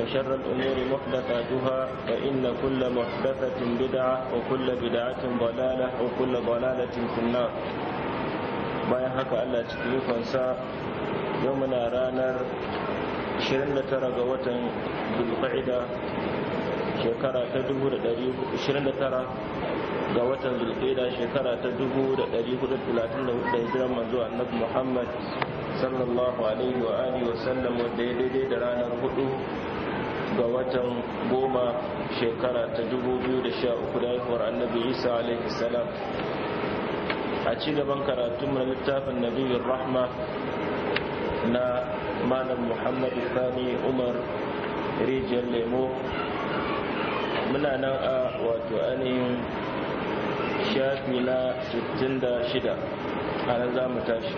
وشر الأمور محدثاتها فإن كل محدثة بدعة وكل بدعة ضلالة وكل ضلالة في النار bayan haka Allah cikin ikonsa yau muna ranar 29 ga watan zulqa'ida shekara ta 29 ga watan zulqa'ida shekara ta 1434 hijiran manzo annabi Muhammad sallallahu alaihi wa alihi wa sallam wanda ya daidai da ranar hudu. ga watan goma shekara ta 2013 da haifuwar annabi isa alaihi salam a ci gaban karatu na littafin nabiyyar rahma na malam muhammad sani umar rijiyar lemo muna nan a wato ainihin shafi na 66 a nan za mu tashi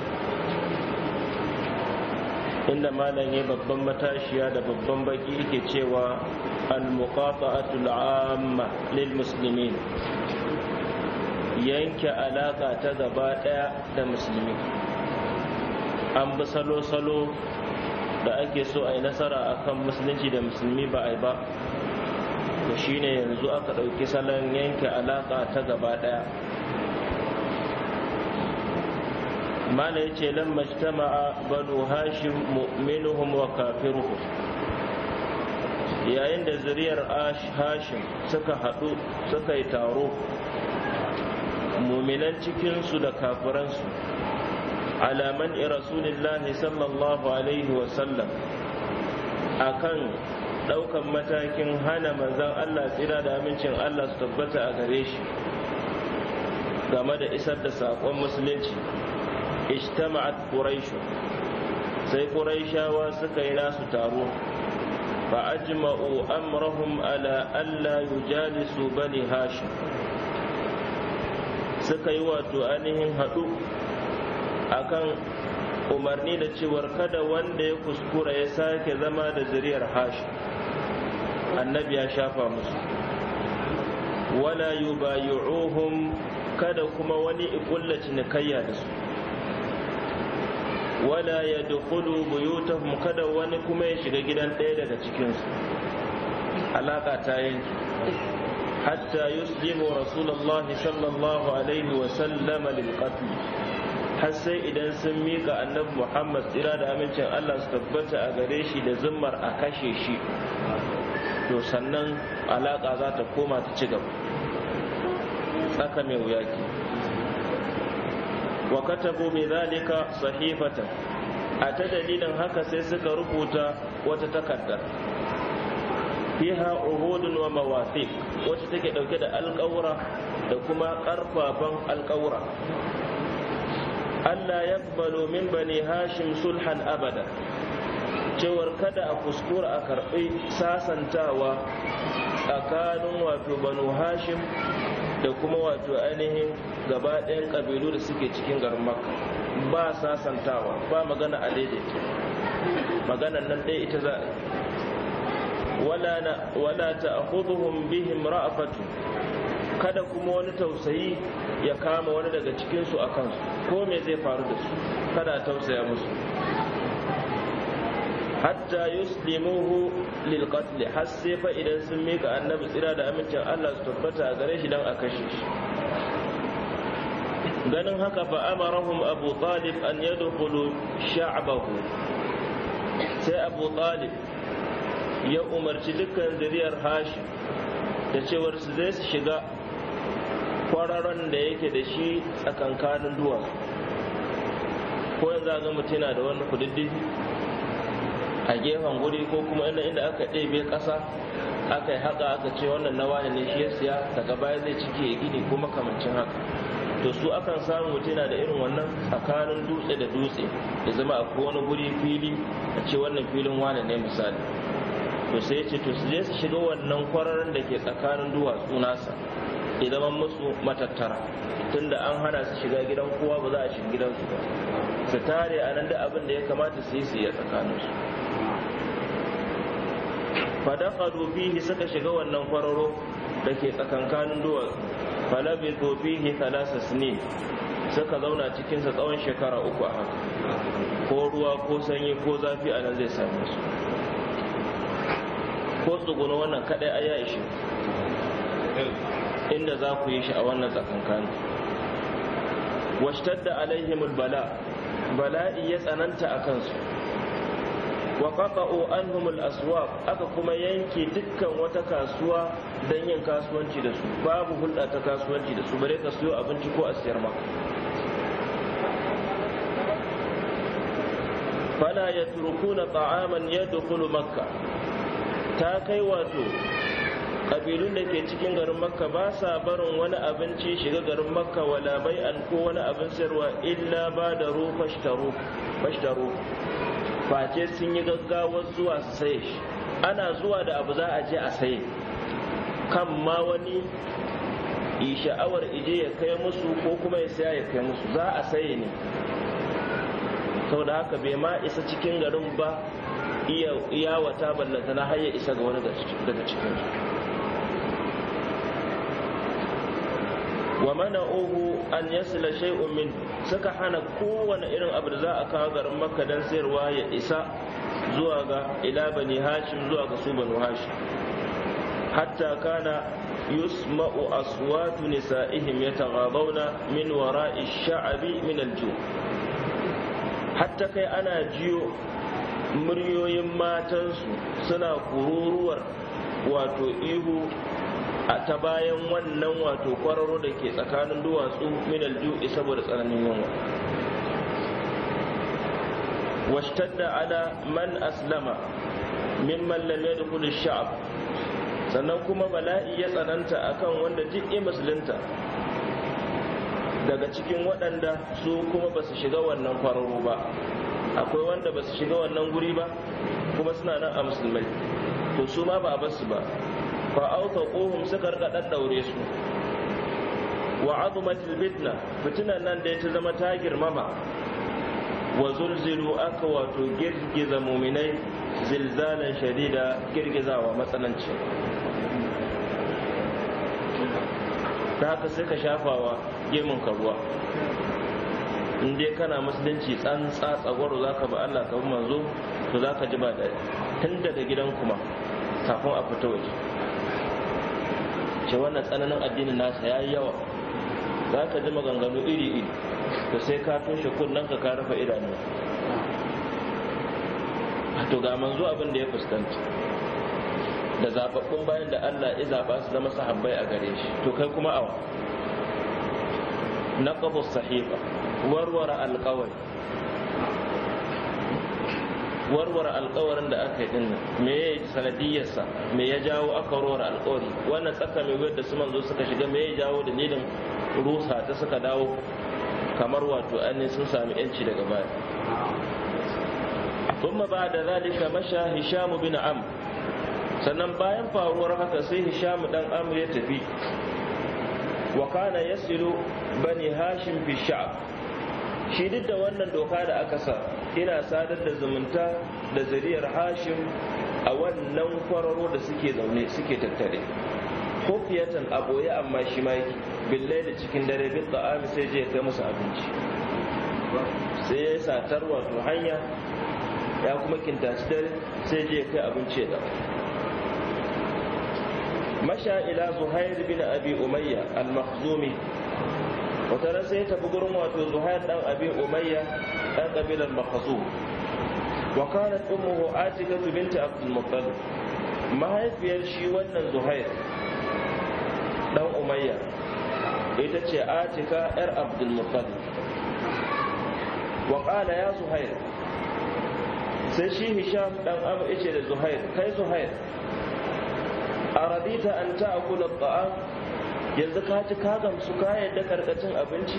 inda malam ya babban matashiya da babban baki yake cewa al-muqata'atul amma lil muslimin yanke alaka ta gaba daya da musulmi an bi salo-salo da ake so a yi nasara a kan musulunci da musulmi ba a yi ba to shine yanzu aka ɗauki salon yanke alaka ta gaba daya mala ya ce lamma banu hashim mu'minuhum wa kafiruhum yayin da zuriyar hashim suka haɗu suka yi taro muminan cikinsu da kafiransu alaman rasulillahi sallallahu alaihi wasallam a kan ɗaukan matakin hana manzan allah tsira da amincin allah su tabbata a gare shi game da isar da sakon musulunci ijtama'at quraish sai quraishawa suka yi nasu taro fa ajma'u amrahum ala alla yujalisu bani hashim suka yi wato ainihin haɗu akan umarni da cewar kada wanda ya kuskura ya sake zama da zuriyar hashim annabi ya shafa musu wala yubayi'uhum kada kuma wani ikulla cinikayya da su wala ya dukulu buyutahum kada wani kuma ya shiga gidan ɗaya daga cikinsu alaƙa ta yanki hatta yuslimu rasulullahi sallallahu alaihi wa sallama lil qatl har sai idan sun mika annabi muhammad tsira da amincin allah su tabbata a gare shi da zimmar a kashe shi to sannan alaka za ta koma ta ci gaba tsaka mai wuya wa katabu bi dhalika sahifatan a ta dalilin haka sai suka rubuta wata takarda fiha uhudun wa mawathiq wacce take dauke da alƙawura da kuma ƙarfafan alƙawura Allah ya balo min bani hashim sulhan abada cewar kada a kuskura a karɓi sasantawa tsakanin wato banu hashim da kuma wato ainihin gaba ɗayan ƙabilu da suke cikin garin makka ba sasantawa ba magana a daidaita magana nan ɗaya ita za a wala ta akhuduhum bihim ra'afatu kada kuma wani tausayi ya kama wani daga cikinsu a kansu ko me zai faru da su kada tausaya musu hatta yuslimuhu lil qatl har sai fa idan sun mika annabi tsira da amincin Allah su tabbata gare shi dan a kashe shi ganin haka fa amarahum abu talib an yadkhulu sha'bahu sai abu talib ya umarci dukkan zuriyar hashi da cewar su zai su shiga kwararon da yake da shi tsakankanin duwa. ko yanzu a ga mutum da wani kududdin a gefen guri ko kuma inda inda aka ɗebe ƙasa aka yi haka aka ce wannan na wani ne shi ya siya daga baya zai cike ya gini ko makamancin haka to su akan samu mutum yana da irin wannan tsakanin dutse da dutse ya zama akwai wani guri fili a ce wannan filin wani ne misali to sai ce to su je su shiga wannan kwararin da ke tsakanin duwatsu nasa ya zama musu matattara tunda an hana su shiga gidan kowa ba za a shiga gidansu ba su tare a nan da abin da ya kamata su yi su yi a tsakaninsu fadakhalu fihi suka shiga wannan kwararo da ke tsakankanin duwatsu falabithu fihi thalatha ne suka zauna cikinsa tsawon shekara uku a haka ko ruwa ko sanyi ko zafi a nan zai same su ko tsuguna wannan kadai a ya ishe inda za ku yi shi a wannan tsakankanin washtadda alaihim bala bala'i ya tsananta a kansu wa qata'u anhum al-aswaq aka kuma yanke dukkan wata kasuwa dan yin kasuwanci da su babu hulɗa ta kasuwanci da su bare ka siyo abinci ko a siyar maka fala yatrukuna ta'aman yadkhulu makka ta kai wato kabilun da ke cikin garin makka ba sa barin wani abinci shiga garin makka wala bai an ko wani abin sayarwa illa ba da ruhu fashtaru face sun yi gaggawar zuwa su saye shi ana zuwa da abu za a je a saye kan ma wani sha'awar ije ya kai musu ko kuma ya saya ya kai musu za a saye ne sau da haka bai ma isa cikin garin ba iya wata ballata na har isa ga wani daga cikin wa mana ohu an yasila shay'un min suka hana kowane irin abu da za a kawo garin makka dan sayarwa ya isa zuwa ga ila bani hashim zuwa ga su banu hashim hatta kana yusma'u aswatu nisa'ihim yataghadawna min wara'i sha'abi min al hatta kai ana jiyo muryoyin matansu suna kururuwar wato ihu ta bayan wannan wato kwararo da ke tsakanin duwatsu minal juɗe, saboda tsananin yunwa da ala man aslama min mallame da ash-sha'b sannan kuma bala'i ya tsananta akan wanda duk ya musulunta daga cikin waɗanda su kuma ba su shiga wannan kwararo ba akwai wanda ba su shiga wannan guri ba kuma suna nan a musulmai to su ma ba a basu ba fa'aufaquhum suka rika daure su wa azumatil fitna fitinan nan da ya ta zama ta girmama wa zulzilu aka wato girgiza muminai zilzalan shadida girgizawa matsananci ta haka suka shafawa gemun kabuwa. in dai kana musulunci tsan tsagwaro za ka ba Allah ka bi manzo to za ka ji ba da tun daga gidan kuma kafin a fita waje ce wannan tsananin addinin nasa ya yi yawa za ka ji maganganu iri iri to sai ka toshe kunnen ka ka rufe idanu to ga manzo abin da ya fuskanta da zababbun bayan da Allah ya zaba su zama sahabbai a gare shi to kai kuma awa naqabu sahiba warware alƙawai. warware alkawarin da aka yi din me ya yi sanadiyarsa me ya jawo aka warware alkawari wannan tsaka mai wadda su manzo suka shiga me ya jawo da nidin rusa ta suka dawo kamar wato ainihin sun sami yanci daga baya ثم بعد ذلك مشى هشام بن عم sannan bayan faruwar haka sai hisham dan amr ya tafi wa kana yasiru bani hashim fi sha'b shi duk da wannan doka da aka sa ina sadar da zumunta da zariyar hashim a wannan kwararo da suke zaune suke tattare kofiyatan a boye amma shi ma yake billai da cikin dare bin ta'ami sai je ya kai musu abinci sai ya satar wato hanya ya kuma kintaci dare sai je ya kai abinci ya masha ila zuhair bin abi umayya al-makhzumi wata ran sai ya tafi gurin wato zuhair dan abi umayya dan kabilar makhazu wa kanat ummuhu atika binti abdul muttalib mahaifiyar shi wannan zuhair dan umayya ita ce atika yar abdul muttalib wa qala ya zuhair sai shi hisham dan abu yace da zuhair kai zuhair aradita an ta'kula at'am yanzu ka ci ka gamsu ka yadda karkacin abinci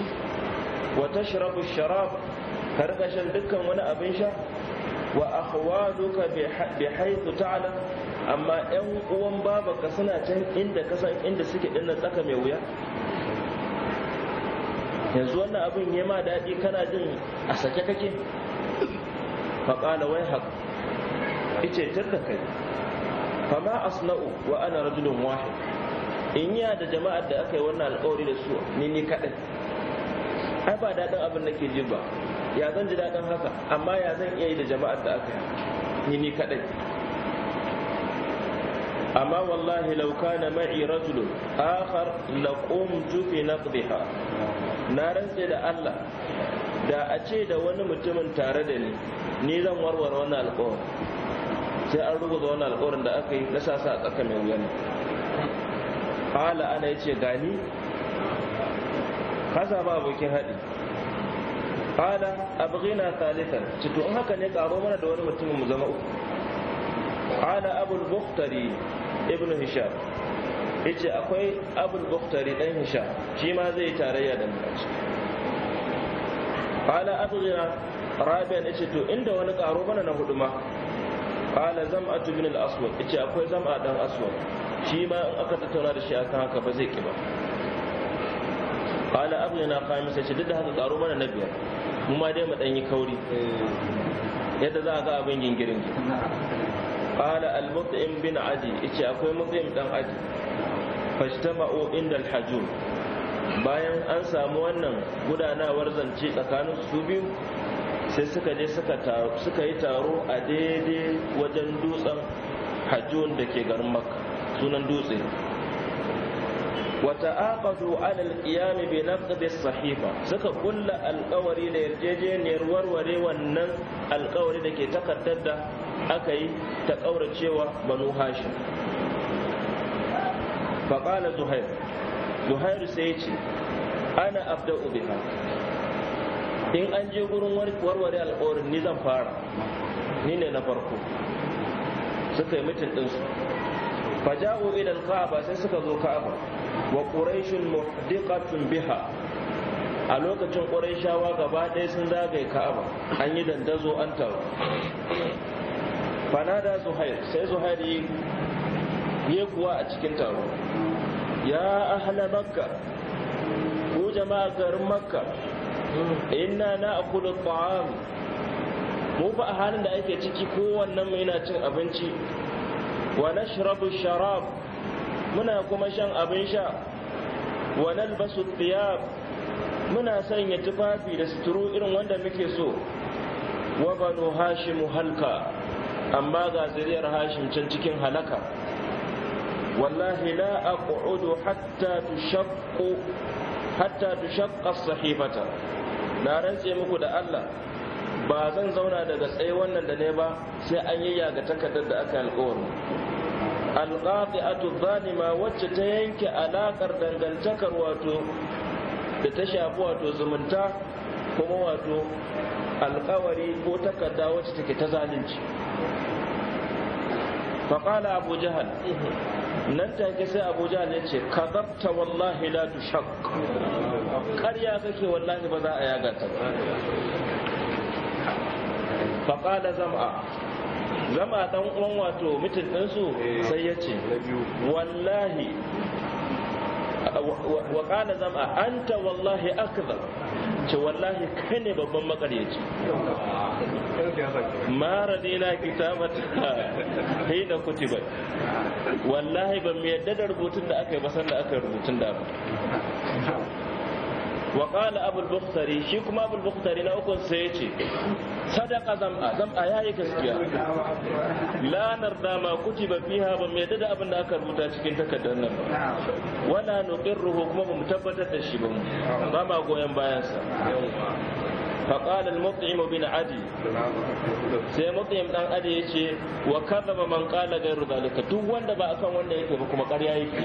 wa tashrabu sharab karkashin dukkan wani abin sha wa bai bi haythu ta'lam amma yan uwan babanka suna can inda ka san inda suke dinnan tsaka mai wuya yanzu wannan abin ya ma daɗi kana jin a sake kake faƙala wai haƙ ice tar da kai asna'u wa ana rajulun wahid in ya da jama'ar da aka yi wannan alƙawari da su ni ni kaɗai ai ba daɗin abin nake ke ba ya zan ji daɗin haka amma ya zan iya yi da jama'ar da aka yi ni ni kaɗai amma wallahi law kana ma'i rajulun akhar tu fi naqdiha na rantse da Allah da a ce da wani mutumin tare da ni ni zan warware wannan alkawari sai an rubuta wannan alƙawarin da aka yi na sasa a tsakanin wuyan kala ana ya ce gani kasa ba abokin haɗi kala abghina talitan ce to in haka ne karo mana da wani mutum mu zama uku kala abul bukhtari ibn hisham yace akwai abul bukhtari dan hisham shi ma zai tarayya da mu kala abghina rabian yace to inda wani karo mana na hudu ma kala zam'atu bin al-aswad yace akwai zam'a dan aswad shi ma in aka tattauna da shi akan haka ba zai ki ba qala abghina khamis ce duk da haka karo mana na biyar mu ma dai mu dan yi kauri yadda za a ga abin gingirin ala al-mut'im bin aji yace akwai mut'im dan aji fashtama'u inda al-hajur bayan an samu wannan gudanawar zance tsakanin su biyu sai suka je suka yi taro a daidai wajen dutsen hajjun da ke garin makka sunan dutse wata'aqadu ala al-qiyam bi naqd as-sahifa suka kulla alƙawari da yarjejeniyar warware wannan alƙawari da ke takaddar da aka yi ta kauracewa banu hashim fa qala zuhair zuhair sai ce ana abda'u biha in an je gurin warware alƙawarin ni zan fara ni ne na farko suka yi din ɗinsu faja'u ila al-ka'aba sai suka zo ka'aba wa quraishun muhdiqatun biha a lokacin quraishawa gaba ɗaya sun zagaye ka'aba an yi dandazo an taru fanada zuhair sai zuhair ya kuwa a cikin taro ya ahla makka ku jama'a garin makka inna na akulu ta'am mu fa a halin da ake ciki kowannen mu yana cin abinci wa nashrabu sharab muna kuma shan abin sha wa nalbasu thiyab muna sanya tufafi da suturu irin wanda muke so wa banu hashimu halka amma ga zuriyar hashim can cikin halaka wallahi la aqudu hatta tushaqqu hatta tushaqqa sahifata na rantse muku da Allah ba zan zauna daga tsaye wannan da ne ba sai an yi yaga takardar da aka alƙawari alqati'atu zalima wacce ta yanke alaƙar dangantakar wato da ta shafi wato zumunta kuma wato alƙawari ko takarda wacce take ta zalunci faƙala abu jihar nan take sai abu jihar ya ce ka zafta wallahi la tushak ƙarya kake wallahi ba za a yaga ta faƙala zama zama ɗan uwan wato mutum ɗinsu eh. sai ya ce wallahi wa ƙada zama anta wallahi akbar ce wallahi kai ne babban makaryaci mara dina kitabata hei da kuti bai wallahi ban mu yadda da rubutun da aka yi ba sanda aka yi rubutun da ba. wa qala abul bukhtari shi kuma abul bukhtari na uku sai yace sadaka zam'a zam'a yayi gaskiya la narda ma kutiba fiha ba mai da abin da aka rubuta cikin takardar nan wala nuqirruhu kuma bamu tabbatar da shi ba ba ma goyen bayan sa فقال المطعم بن عدي sai matsayin dan aji ya ce wa kazzaba man qala ghayru zalika duk wanda ba akan wanda yake ba kuma ƙarya yake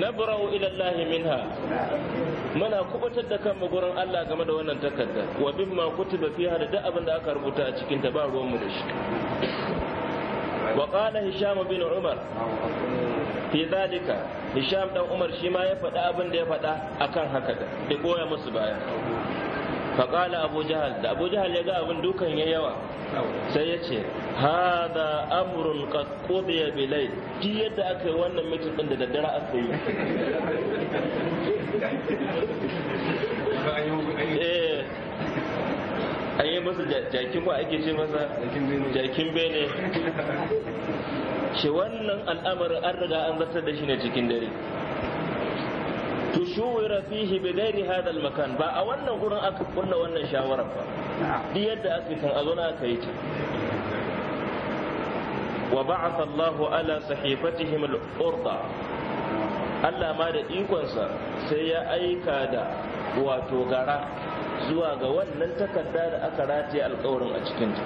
nabra'u ila Allah minha muna kubutar da kanmu gurin Allah game da wannan takarda wa bimma kutiba fiha da duk abin da aka rubuta a cikin ta ba ruwan mu da shi wa qala hisham bin umar fi zalika hisham dan umar shi ma ya faɗa abin da ya faɗa akan haka da ya goya musu baya faƙala abu jahal da abu jahal ya ga abin dukan ya yawa sai ya ce hada amrun qad qudiya bi layl di yadda aka yi wannan mitin din da daddare aka yi eh an yi masa jakin ba ake ce masa jakin bene shi wannan al'amarin an riga an zartar da shi ne cikin dare tushuwira fihi bi ghairi hadal makan ba a wannan gurin aka kulla wannan shawarar ba duk yadda aka kan a zo aka yi ta wa ba'atha Allah ala sahifatihim al-urda Allah ma da ikonsa sai ya aika da wato gara zuwa ga wannan takarda da aka rataye alkawarin a cikin ta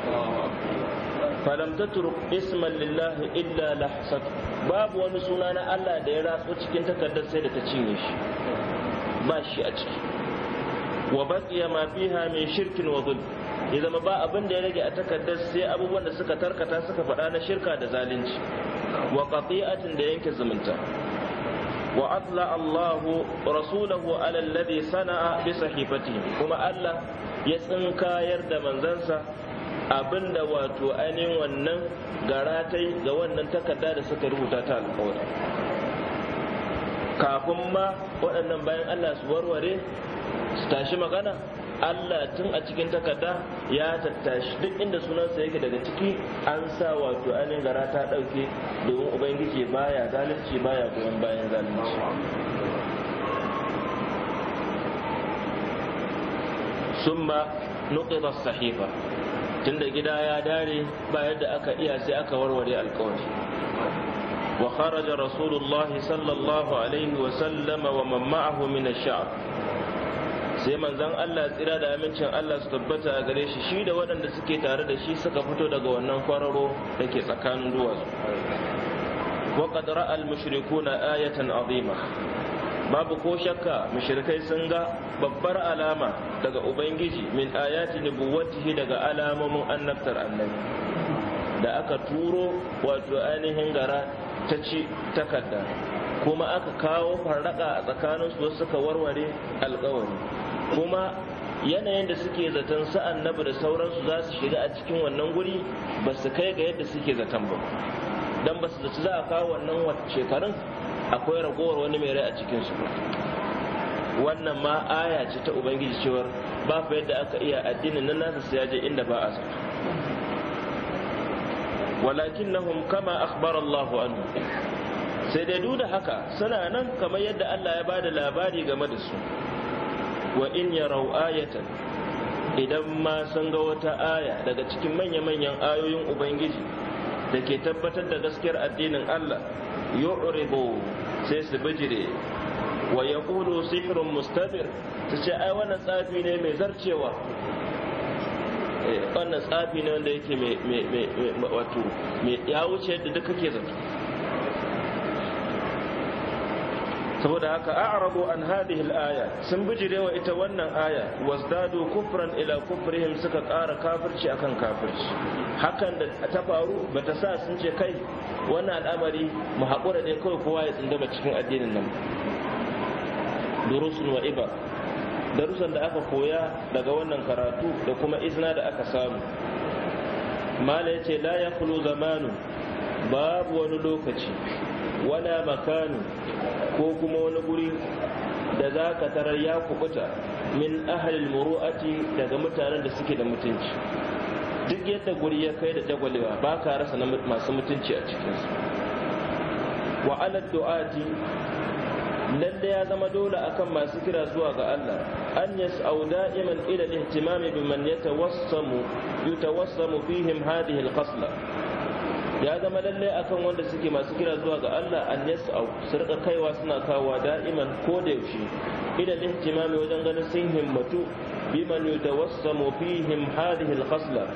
falam tatruk isman lillahi illa lahsat babu wani suna na Allah da ya ratso cikin takardar sai da ta cinye shi ba shi a ciki wa baqiya ma fiha min shirkin wa dhulm ya zama ba abin da ya rage a takardar sai abubuwan da suka tarkata suka faɗa na shirka da zalunci wa qati'atin da yanke zumunta وأطلع الله رسوله على الذي صنع بصحيفته كما الله يسنكا يرد من زنسا abin wato ainihin wannan garatai ga wannan takarda da suka rubuta ta alƙawari kafin ma waɗannan bayan Allah su warware su tashi magana Allah tun a cikin takarda ya tattashi duk inda sunansa yake daga ciki an sa wato ainihin gara ta ɗauke domin ubangiji baya zalunci baya goyon bayan zalunci summa nuqida sahifa tunda gida ya dare ba yadda aka iya sai aka warware alkawari wa kharaja rasulullahi sallallahu alaihi wa sallama wa man min ash-sha'r sai manzon Allah tsira da amincin Allah su tabbata a gare shi shi da waɗanda suke tare da shi suka fito daga wannan kwararo da ke tsakanin duwatsu وقد رأى na ayatan azima babu ko shakka mushrikai sun ga babbar alama daga ubangiji min ayati nubuwwatihi daga alamomin annabtar annabi da aka turo wato ainihin gara ta ci takarda kuma aka kawo farraka a tsakaninsu suka warware alkawari kuma yanayin da suke zaton sa'an annabi da sauransu za su shiga a cikin wannan guri ba su kai ga yadda suke zaton ba don ba su zaci za a kawo wannan shekarun akwai ragowar wani mai rai a cikin su wannan ma aya ce ta ubangiji cewar ba fa yadda aka iya addinin nan nasa su yaje inda ba a zato walakinnahum kama akhbara Allah anhu sai dai duk da haka suna nan kamar yadda Allah ya bada labari game da su wa in yarau ayatan idan ma sun ga wata aya daga cikin manya-manyan ayoyin ubangiji da ke tabbatar da gaskiyar addinin Allah yu'ribu sai su bijire wa ya kudu sihrun mustabir su ce ai wannan tsafi ne mai zarcewa eh, wannan tsafi ne wanda yake mai wato ya wuce yadda duka ke zato saboda haka a'rabu an hadhihi al-aya sun bijirewa ita wannan aya wasdadu kufran ila kufrihim suka kara kafirci akan kafirci hakan da ta faru bata sa sun ce kai wannan al'amari mu haƙura ne kawai kowa ya tsindaba cikin addinin nan durusun wa iba darussan da aka koya daga wannan karatu da kuma izna da aka samu mala yace la yaqulu zamanu babu wani lokaci wala makanu ko kuma wani guri da za ka tarar ya kubuta min ahalil muru'ati daga mutanen da suke da mutunci duk yadda guri ya kai da jagwalewa ba ka rasa masu mutunci a cikinsu wa alad du'ati da ya zama dole akan masu kira zuwa ga Allah an yas'au da'iman ila al-ihtimami biman yatawassamu yatawassamu fihim hadhihi al qasla ya zama lallai akan wanda suke masu kira zuwa ga Allah an yas'au su rika kaiwa suna kawowa da'iman ko da yaushe idan ihtimami wajen ganin sun himmatu biman da fihim hadhihi al-khasla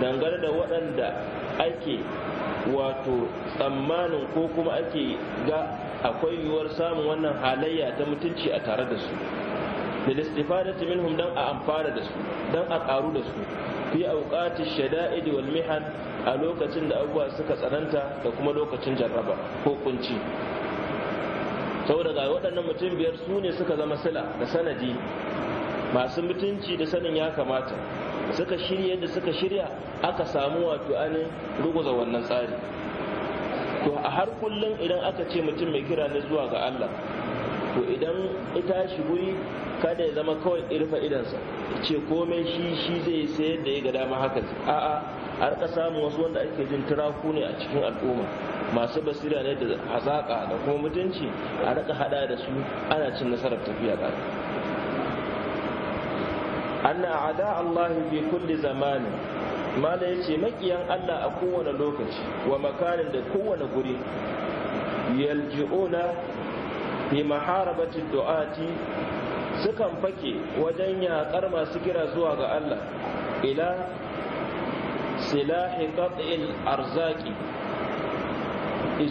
dangane da waɗanda ake wato tsammanin ko kuma ake ga akwai yiwuwar samun wannan halayya ta mutunci a tare da su da istifadati minhum dan a amfana da su dan a karu da su fi auqati shada'id wal mihan a lokacin da abubuwa suka tsananta da kuma lokacin jarraba ko kunci saboda ga waɗannan mutum biyar su ne suka zama sila da sanadi masu mutunci da sanin ya kamata suka shirya da suka shirya aka samu wato anin ruguza wannan tsari to a har kullum idan aka ce mutum mai kira ne zuwa ga Allah to idan ita shi guri kada ya zama kawai irfa idansa ce komai shi shi zai sayar da ya ga dama haka a'a har ka samu wasu wanda ake jin turaku ne a cikin al'umma masu basira ne da hazaƙa da kuma mutunci a raka hada da su ana cin nasarar tafiya ɗaya anna ada allahi bi kulli zamani mala ya ce makiyan allah a kowane lokaci wa makarin da kowane guri yalji'una fi maharabati du'ati sukan fake wajen yaƙar masu kira zuwa ga Allah ila silahi qat'il arzaki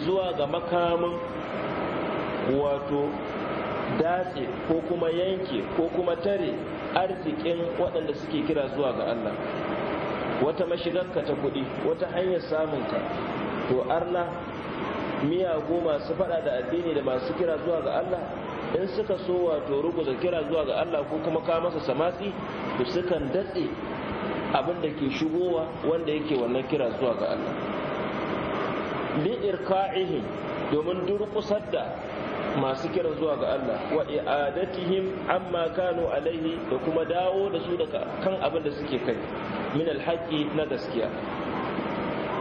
zuwa ga makamin wato datse ko kuma yanke ko kuma tare arzikin waɗanda suke kira zuwa ga Allah wata mashigarka ta kuɗi wata hanyar samunka to arna miyagu masu fada da addini da masu kira zuwa ga Allah in suka so wato da kira zuwa ga Allah ko kuma ka masa samatsi to sukan datse abin da ke shigowa wanda yake wannan kira zuwa ga Allah bi irka'ihim domin durƙusar da masu kira zuwa ga Allah wa i'adatihim amma kanu alaihi da kuma dawo da su daga kan abin da suke kai min alhaqi na gaskiya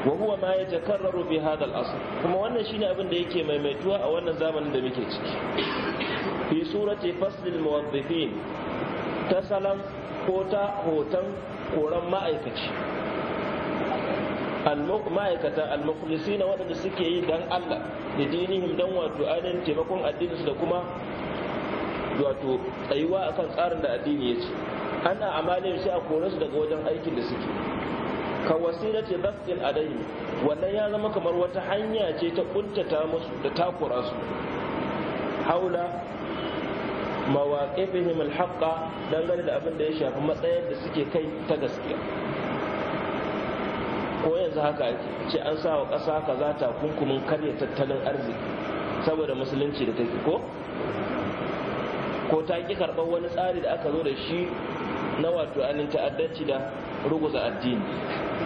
wa huwa ma yatakarraru bi hadha al-asr kuma wannan shine abin da yake maimaituwa a wannan zamanin da muke ciki fi surati fasl al ta salam ko ta hoton koran ma'aikaci ma'aikata al-mukhlisi na waɗanda suke yi dan Allah da dinihim dan wato ainihin taimakon addininsu da kuma wato tsayuwa akan tsarin da addini ya ce ana amalin shi a kore su daga wajen aikin da suke ka wasilati dhasqil adai wannan ya zama kamar wata hanya ce ta kuntata musu da takura su haula mawaqifihim alhaqa dangane da abin da ya shafi matsayar da suke kai ta gaskiya ko yanzu haka ce an sa wa ƙasa kaza kunkumin karya tattalin arziki saboda musulunci da take ko ko ta ƙi karɓar wani tsari da aka zo da shi na wato anin ta'addanci da ruguza addini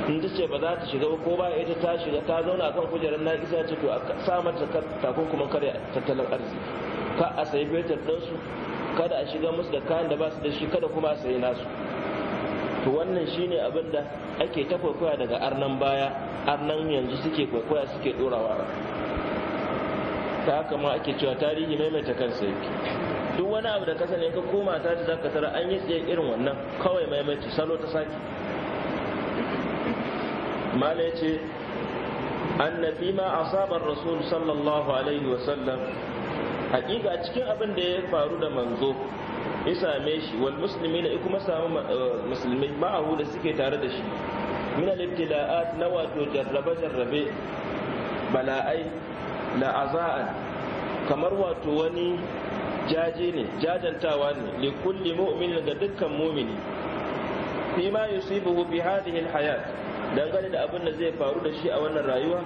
in ta ce ba za ta shiga ba ko ba ita ta shiga ta zauna kan kujerar na isa ce to a sa mata takunkumin karya tattalin arziki ka a sayi fetur su, kada a shiga musu da kayan da ba su da shi kada kuma a sayi nasu to wannan shine abin da ake ta kwaikwaya daga arnan baya arnan yanzu suke kwaikwaya suke ɗorawa ta haka ma ake cewa tarihi maimaita kansa yake duk wani abu da ka sani ka koma ta za zaka tara an yi tsaye irin wannan kawai maimaici salo ta sake mala ya ce annabi ma asabar rasul sallallahu alaihi wasallam hakika cikin abin da ya faru da manzo ya same shi wal musulmi na kuma samu eh, musulmi ma'ahu da suke tare da shi min al-ibtila'at na wato jarrabe jarrabe bala'ai la aza'an kamar wato wani jaje ne jajantawa ne li kulli mu'min ga dukkan mu'mini fi ma yusibuhu bi hadhihi alhayat dangane da abin da zai faru da shi a wannan rayuwa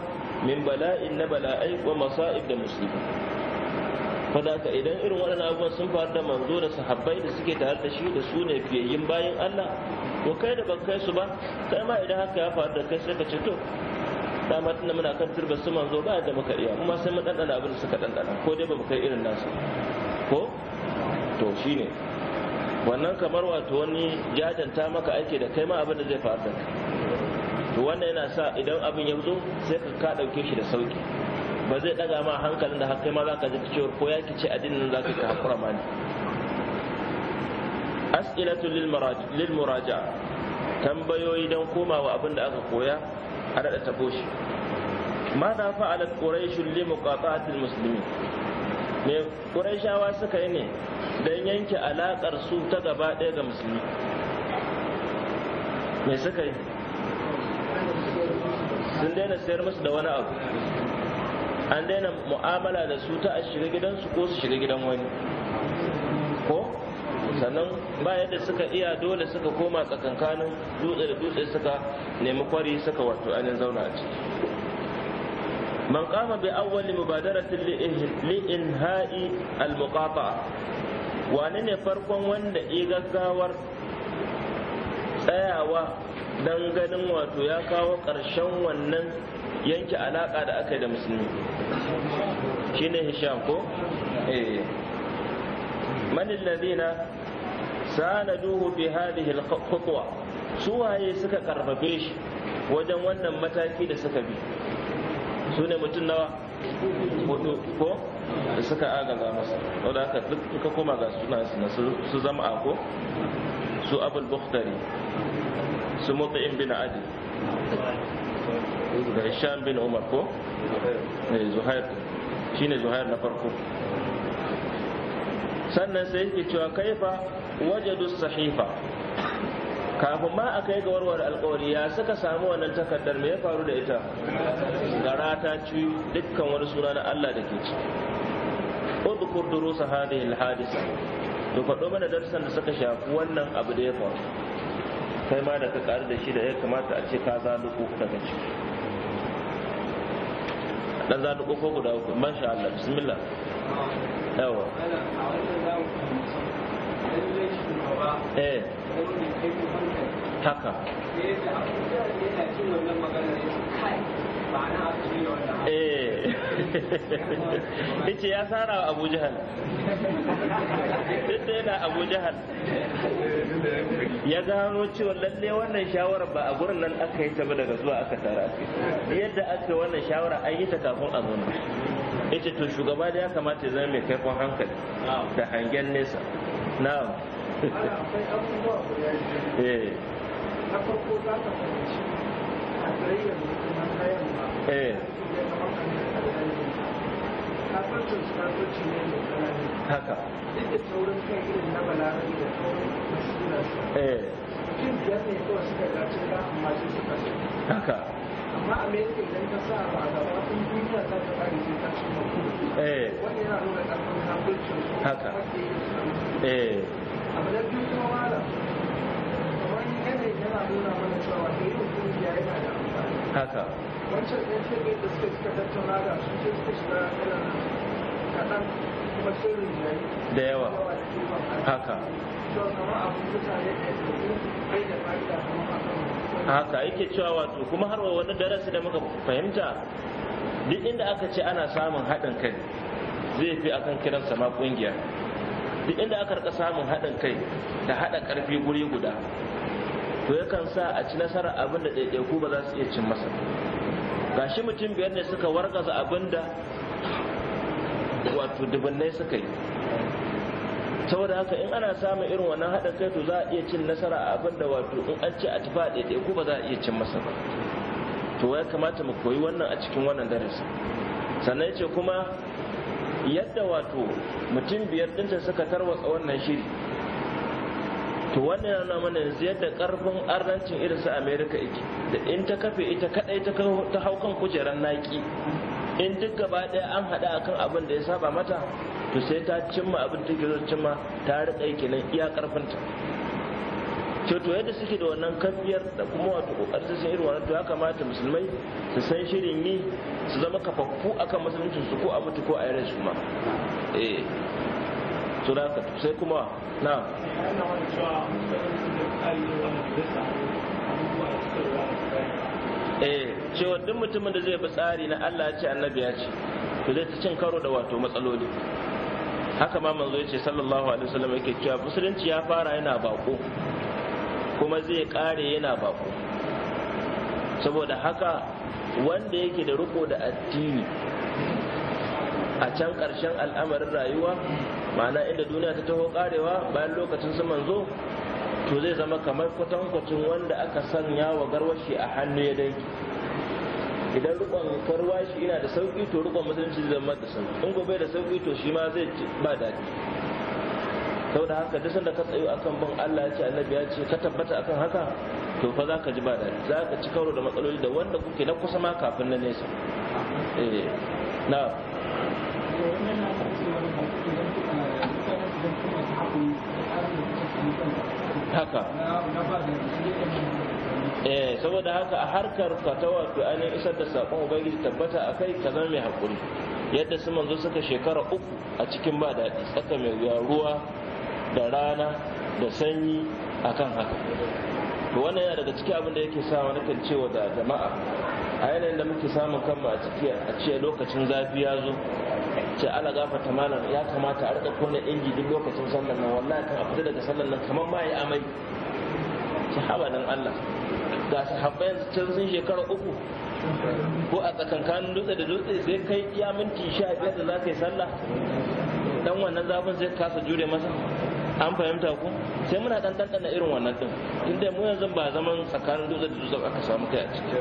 min bala'in na bala'ai wa masa'ib da musiba fadaka idan irin waɗannan abubuwan sun faru da manzo da sahabbai da suke tare da shi da su ne fiyayyin bayan Allah to kai da ban su ba kai ma idan haka ya faru da kai sai ka ce to dama tunda muna kan turba su manzo ba da muka iya kuma sai mu ɗanɗana abin da suka ɗanɗana ko dai ba mu kai irin nasu to shine wannan kamar wato wani jajanta maka aiki da kai ma abin da zai faru da to wannan yana sa idan abin ya zo sai ka ka dauke shi da sauki ba zai daga ma hankalin da kai ma zaka ji cewa ko ya kice addinin zaka ka hakura ma ne as'ilatu lil muraja tambayoyi don komawa abin da aka koya a rada tabo shi ماذا li muqata'ati al muslimin me ƙuraishawa suka yi ne don yanke alaƙar su ta gaba ɗaya ga musulmi me suka yi sun daina sayar musu da wani abu an daina mu'amala da su ta a shiga gidansu ko su shiga gidan wani ko sannan ba yadda suka iya dole suka koma tsakankanin dutse da dutse suka nemi kwari suka wato ainihin zauna a ciki man qama bi awwali mubadaratin li inha'i al muqata'a wane ne farkon wanda ya tsayawa dan ganin wato ya kawo ƙarshen wannan yanke alaƙa da aka yi da musulmi shine hisham ko eh man alladhina sanaduhu bi hadhihi al su waye suka karfafe shi wajen wannan mataki da suka bi su ne mutum nawa hudu ko da suka agaza masa wadda aka duka koma ga suna su zama ako su abul bukhtari su bi bin adi da isham bin umar ko ne zuhair shi ne zuhair na farko sannan sai yake cewa kaifa wajadu sahifa kafin ma a kai ga warware alkawari ya suka samu wannan takardar me ya faru da ita gara ta ci dukkan wani suna na Allah da ke ci udkur durusa hadhihi alhadisa to faɗo mana darsan da suka shafi wannan abu da ya faru kai ma da ka karu da shi da ya kamata a ce ka za zaluko daga ciki dan duku ko guda uku masha Allah bismillah yawa eh haka ya tsara eh. wa Abu jihar duk yana Abu jihar ya gano cewa lalle wannan shawara ba a gurin nan aka yi ta ba daga zuwa aka tara yadda aka wannan shawara an yi ta kafin a zo yace to shugaba da ya kamata ya zama mai kaifin hankali da hangen nesa na'am eh na farko za ka fahimci a tsirayyar mutum na ne mai tsanani haka duk da saurin kai na ne da amma sai amerika idan ta sa ba da wasan duniya za ta bari sai ta mutum eh wani yana nuna ƙarfin kasuwancin su haka eh, eh. eh. haka wancan ɗan da suke suka tattauna da sun ce suka shiga irin kaɗan kuma da da yawa haka haka yake cewa wato kuma har wani darasi da muka fahimta duk inda aka ce ana samun haɗin kai zai fi akan kiransa ma ƙungiya duk inda aka rika samun haɗin kai da haɗa ƙarfi guri guda to yakan sa a ci nasarar abin da ɗaiɗaiku ba za su iya cin masa gashi mutum biyar ne suka wargaza abin da wato dubunnai suka yi saboda haka in ana samun irin wannan haɗin kai to za a iya cin nasara a abin da wato in an ci a tafa ɗaiɗaiku ba za a iya cin masa ba to ya kamata mu koyi wannan a cikin wannan darasi sannan ya ce kuma yadda wato mutum biyar dinta suka tarwatsa wannan shiri to wannan yana mana yanzu yadda karfin arnancin irin su america yake da in ta kafe ita kadai ta hau kan kujerar naki in duk gaba ɗaya an haɗa akan abin da ya saba mata to sai ta cimma abin da ke zo cimma ta riƙa kenan iya karfinta to to yadda suke da wannan kafiyar da kuma wato kokarin sun irin wannan to ya kamata musulmai su san shirin yi su zama kafaffu akan musuluncin su ko a mutu ko a yare su ma eh to da ka sai kuma na eh cewa duk mutumin da zai bi tsari na Allah ya ce annabi ya ce to zai ta cin karo da wato matsaloli haka ma manzo ya ce sallallahu alaihi wasallam yake cewa musulunci ya fara yana bako kuma zai kare yana bako saboda haka wanda yake da riko da addini a can ƙarshen al'amarin rayuwa ma'ana inda duniya ta taho karewa bayan lokacin su manzo to zai zama kamar kwatankwacin wanda aka sanya wa garwashi a hannu ya danki idan rukon karwashi yana da sauki to rukon musulunci zai zama da sauki in gobe da sauki to shi ma zai ba daɗi saboda haka duk sanda ka tsayo akan bin Allah ya ce annabi ya ce ka tabbata akan haka to fa za ka ji ba daɗi za ka ci karo da matsaloli da wanda kuke na kusa ma kafin na nesa eh na haka eh saboda haka a harkar ka ta wato ainihin isar da sakon ubangiji tabbata a kai ka zama mai hakuri yadda su manzo suka shekara uku a cikin ba daɗi tsaka mai ruwa da rana da sanyi akan haka to wannan yana daga cikin abin da yake sa wani kan cewa da jama'a a yanayin da muke samun kanmu a ciki a ce lokacin zafi ya zo ce ala gafarta malam ya kamata a rika kunna inji duk lokacin sallar nan wallahi kan a fita daga sallar nan kamar ma yi amai ki haba nan Allah ga su haɓa yanzu can sun shekara uku ko a tsakankanin dutse da dutse sai kai iya minti sha biyar da za ka yi sallah dan wannan zafin sai kasa jure masa an fahimta ku sai muna dan dan irin wannan din inda mu yanzu ba zaman tsakanin dutse da dutse aka samu kai a ciki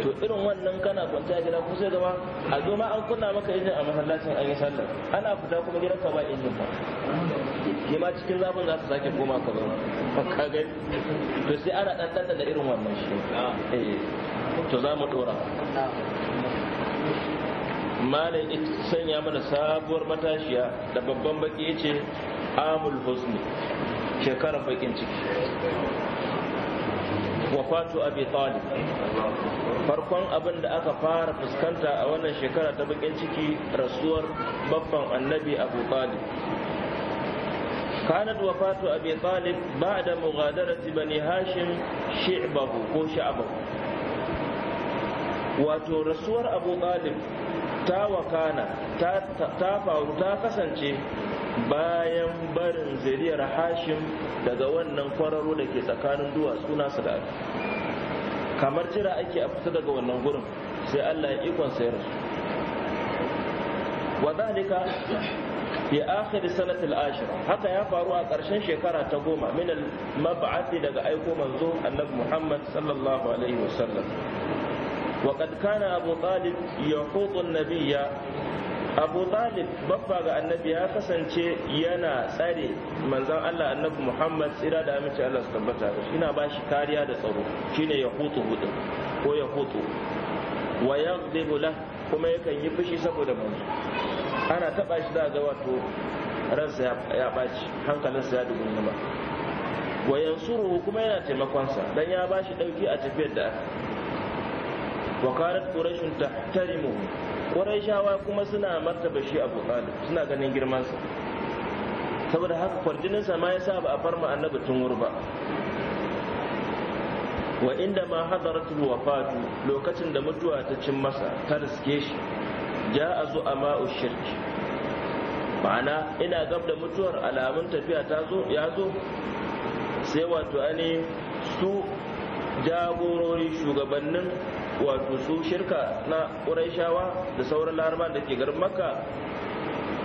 to irin wannan kana kwanta gida ku sai gaba a zo ma an kunna maka injin a masallacin an yi sallar ana fita kuma gidan ka ba injin ba ke ma cikin zafin za su sake koma ka ba ka gani to sai ana dan dan irin wannan shi eh. to za mu dora malai ita sanya mana sabuwar matashiya da babban baki ya ce amul husni shekarar bakin ciki wafatu abi talib farkon abin da aka fara fuskanta a wannan shekara ta bakin ciki rasuwar babban annabi abu talib kanat wafatu abi talib ba'da mughadarati bani hashim shi'bahu ko sha'bahu wato rasuwar abu talib ta wakana ta faru ta kasance bayan barin zuriyar hashim daga wannan kwararo da ke tsakanin duwatsu nasu da kamar jira ake a fita daga wannan gurin sai allah ya ikon sayar wadhalika fi akhir sanati al-ashir haka ya faru a ƙarshen shekara ta goma min al-mab'ath daga aiko manzo annabi muhammad sallallahu alaihi wasallam وقد كان أبو طالب يخوض النبي abu talib babba ga annabi ya kasance yana tsare manzan allah annabi muhammad Sira da aminci allah su tabbata ina ba shi kariya da tsaro shine ya hutu hudu ko ya hutu wa ya la kuma yakan yi fushi saboda manzo ana taba shi da ga wato ransa ya ɓaci hankalinsa ya dubu ba wa kuma yana taimakonsa dan ya ba shi ɗauki a tafiyar da wa qalat quraish tahtarimu quraishawa kuma suna martaba shi abu talib suna ganin girman sa saboda haka kwarjinin sa ma yasa ba a farma annabi tun wuri ba wa inda ma hadaratul wafatu lokacin da mutuwa ta cin masa ta riske shi ja'a zu'ama'u shirk ma'ana ina gab da mutuwar alamun tafiya ta zo ya zo sai wato ani su jagorori shugabannin wato su shirka na ƙuraishawa da sauran laraban da ke garin makka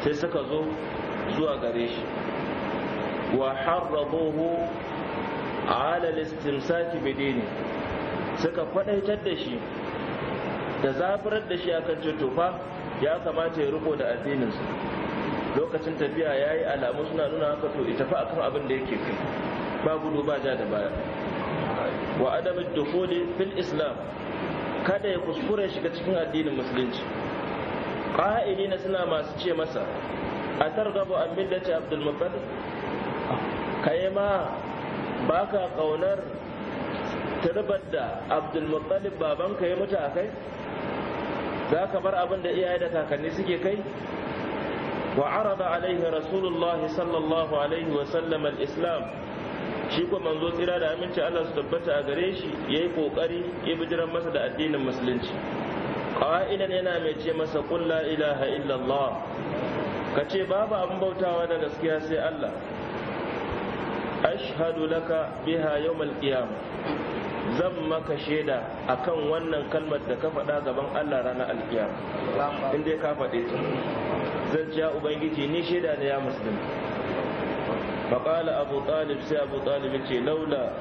sai suka zo zuwa gare shi wa harrabuhu ala listimsaki bidini suka faɗaitar da shi da zafirar da shi akan cutufa ya kamata ya riko da addininsa lokacin tafiya ya yi alamu suna nuna haka to ita fa akan abin da yake kai ba gudu ba ja da baya wa adamin dukuli fil islam kada ya kuskure shiga cikin addinin musulunci ƙa'ilina suna masu ce masa a targabu an millati abdul Ka kai ma baka ƙaunar turbar da abdul muttalib babanka ya mutu a kai za ka bar abin da iyaye da kakanni suke kai wa arada alaihi rasulullahi sallallahu alaihi wa sallam al-islam shi kuma manzo tsira da aminci Allah su tabbata a gare shi ya yi kokari ya bijiran masa da addinin musulunci qa'idan yana mai ce masa qul la ilaha illallah kace babu abin bautawa da gaskiya sai Allah ashhadu laka biha yawmal qiyam zan maka shaida akan wannan kalmar da ka faɗa gaban Allah ranar alkiyama in dai ka faɗe ta zan ubangiji ni shaida ne ya musulmi maƙala abu talib sai abu talib ce laula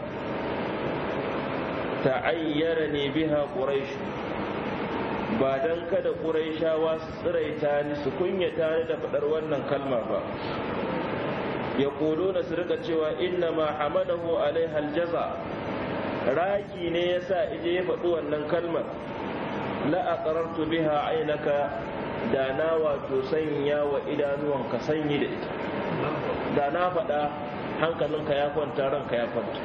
ta'ayyara ne biha ƙuraishu ba don kada ƙuraishawa su tsiraita ni su kunyata ni da faɗar wannan kalmar ba ya na su rika cewa inna ma hamadahu alaiha aljaza raki ne ya sa ije ya faɗi kalmar la a biha ainaka da na wato sanya wa idanuwanka sanyi da na faɗa hankalinka ya kwanta ranka ya kwanta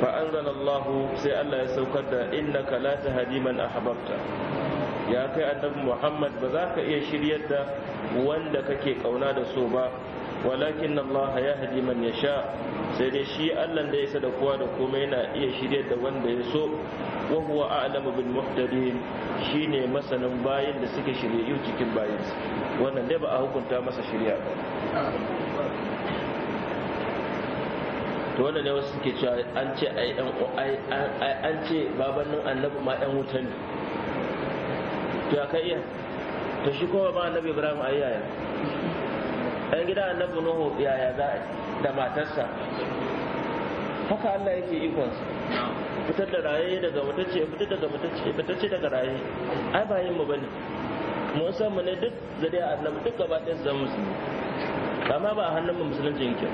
fa anzalallahu sai Allah ya saukar da innaka la tahdi man ahbabta ya kai annabi Muhammad ba za ka iya shiryar da wanda kake kauna da so ba walakin Allah ya haji man ya sha sai dai shi Allah da ya da kowa da komai yana iya shirya da wanda ya so wa huwa a'lamu bil muhtadin shine masanin bayin da suke shirye cikin bayin wannan dai ba a hukunta masa shirya ba to wannan ne wasu suke cewa an ce ai an ce nan annabi ma yan wuta ne to ya kai iya to shi kowa ba annabi Ibrahim ayyaya Ɗan gida annabi nuhu yaya za da matarsa haka Allah yake ikonsa fitar da raye daga mutacce fitar daga matacce matacce daga raye ai ba yin mu bane mu san mu ne duk zuriya annabi duk gaba ɗaya zan zama musulmi amma ba a hannun mu musulunci yake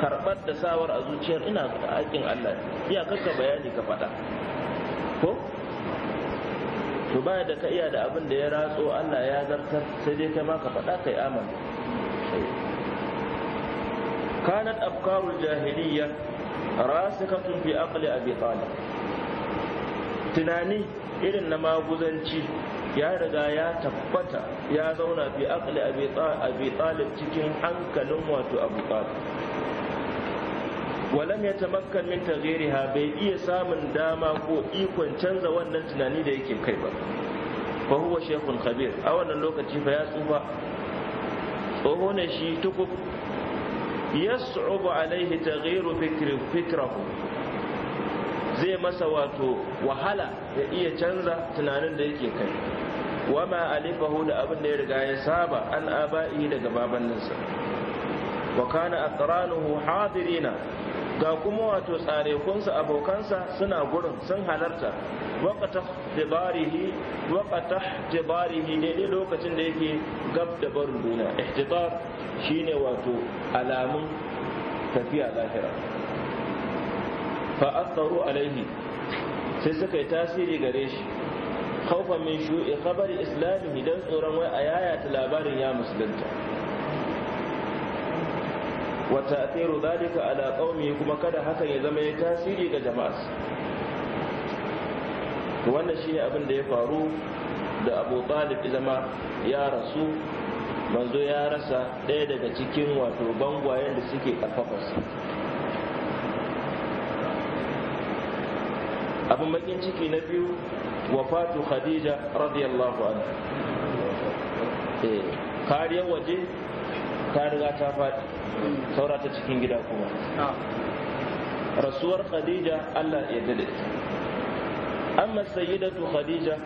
karɓar da sawar a zuciyar ina da aikin Allah iya kakka bayani ka faɗa ko to baya da ka iya da abin da ya ratso Allah ya zartar sai dai kai ma ka faɗa kai amana kanat afkarul jahiliya rasikatun fi aqli abi talib tunani irin na maguzanci ya riga ya tabbata ya zauna fi aqli abi talib cikin hankalin wato abu talib walam ya tamakkan min taghyiriha bai iya samun dama ko ikon canza wannan tunani da yake kai ba fa huwa shaykhun khabir a wannan lokaci fa ya tsufa tsoho ne shi tukub yas'ubu alaihi taghyiru fikri fikrahu zai masa wato wahala ya iya canza tunanin da yake kai wama alifahu da abin da ya riga ya saba an aba'i daga babanninsa wa kana aqranuhu hadirina ga kuma wato tsarekunsa abokansa suna gurin sun halarta waƙata tibarihi waƙata tibarihi daidai lokacin da yake gab da barin duniya ihtibar shine wato alamun tafiya lahira fa a alaihi sai suka yi tasiri gare shi khawfan min shu'i khabari islamihi dan tsoron wai a yayata labarin ya musulunta wata ta'thiru dhalika ala qaumi kuma kada hakan ya zama ya tasiri ga jama'a wannan shine abin da ya faru da Abu Talib zama ya rasu manzo ya rasa ɗaya daga cikin wato bangwayen da suke ƙarfafarsa abin bakin ciki na biyu wafatu khadija radiyallahu anha eh, kariyar waje ta riga ta faɗi saura ta cikin gida kuma rasuwar khadija allah ya dade amma sayyidatu khadija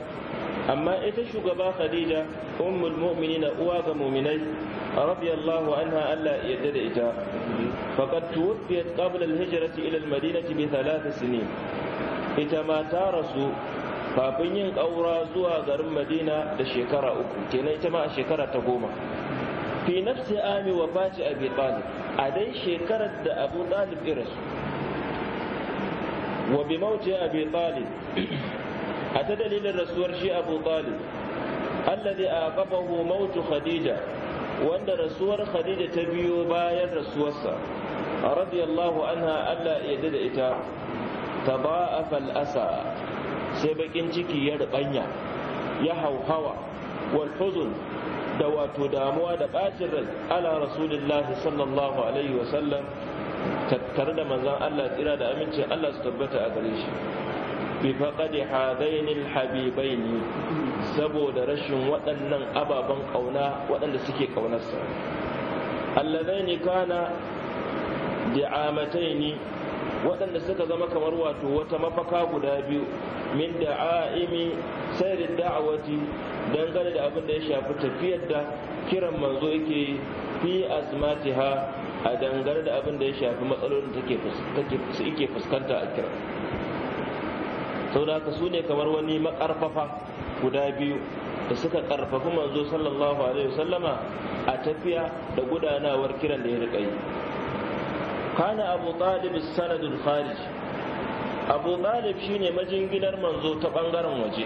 amma ita shugaba khadija ummul na uwa ga mu'minai radiyallahu anha Allah ya yarda da ita faqad tuwfiyat qabla al-hijrati ila al-madinati bi thalath sinin ita ma ta rasu kafin yin ƙaura zuwa garin madina da shekara uku kenan ita ma a shekara ta goma fi nafsi ami wa fati abi talib a dai shekarar da abu talib iris wa bi mauti abi talib a ta dalilin rasuwar shi abu talib alladhi aqabahu mautu khadija wanda rasuwar khadija ta biyo bayan rasuwarsa radiyallahu anha Allah yadda da ita ba al-asa sai bakin ciki ya rubanya ya hauhawa wal huzun da wato damuwa da ɓacin rai ala rasulillahi sallallahu alaihi wasallam tattare da manzan Allah tsira da aminci Allah su tabbata a gare shi bi faqadi hadainil habibaini saboda rashin waɗannan ababen ƙauna waɗanda suke ƙaunarsa alladaini kana di'amataini waɗanda suka zama kamar wato wata mafaka guda biyu min da'aimi sayar da'awati dangane da abin da ya shafi tafiyar da kiran manzo yake fi ha a dangane da abin da ya shafi matsalolin da take fuskanta a kira sau da haka su kamar wani makarfafa guda biyu da suka karfafi manzo sallallahu alaihi wasallama a tafiya da gudanawar kiran da ya riƙa yi kana abu talib sanadul kharij abu talib shine majinginar manzo ta bangaren waje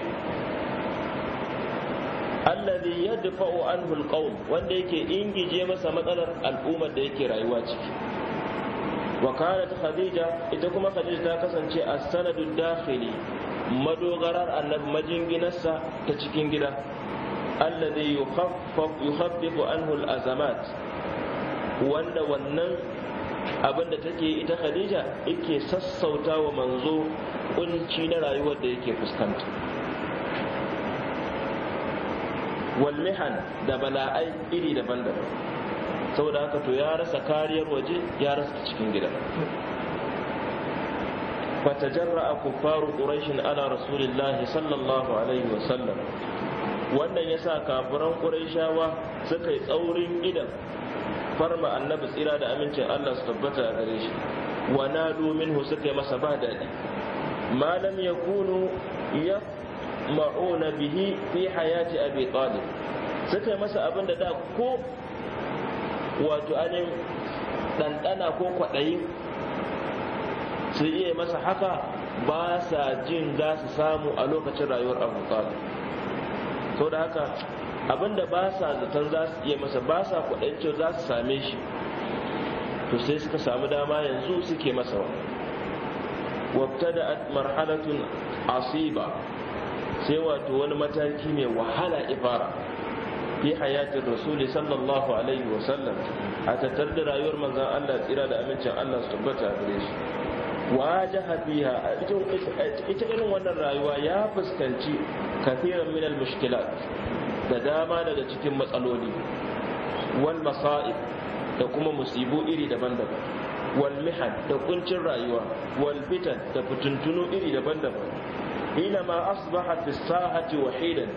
alladhi yadfa'u anhu alqawm wanda yake ingije masa matsalar al'ummar da yake rayuwa ciki wa kanat khadija ita kuma khadija ta kasance as-sanadud dakhili madogarar annabi majinginarsa ta cikin gida alladhi yukhaffafu anhu al-azamat wanda wannan abinda take ita khadija yake sassauta wa manzo kunci na rayuwar da yake fuskanta walmihan da bala'ai iri daban-daban saboda haka to ya rasa kariyar waje ya rasa cikin gida fatajarra'a kufaru ƙurashin ala rasulillahi sallallahu alaihi wasallam wannan yasa kafiran quraishawa suka yi tsaurin idan farma annabi tsira da amincin Allah su tabbata a gare shi wa nadu minhu suka yi masa ba daɗi malam ya kunu ya ma'una bihi fi hayati abi talib suka yi masa abin da ko wato anin ɗanɗana ko kwaɗayi su iya masa haka ba sa jin za su samu a lokacin rayuwar abu talib da abinda ba sa zaton za su iya masa ba sa kwaɗayin cewa za su same shi to sai suka samu dama yanzu suke masa wa Wata wabtada'at marhalatun asiba sai wato wani mataki mai wahala ifara fi hayatin rasuli sallallahu alaihi wa a tattar da rayuwar manzan Allah tsira da amincin Allah su tabbata gare shi wajaha biha ita irin wannan rayuwa ya fuskanci kafiran Minal mashkilat da dama daga cikin matsaloli wal masa'ib da kuma musibu iri daban-daban wal mihad da kuncin rayuwa wal fitan da fitintunu iri daban-daban ina ma asbaha fi sahati wahidan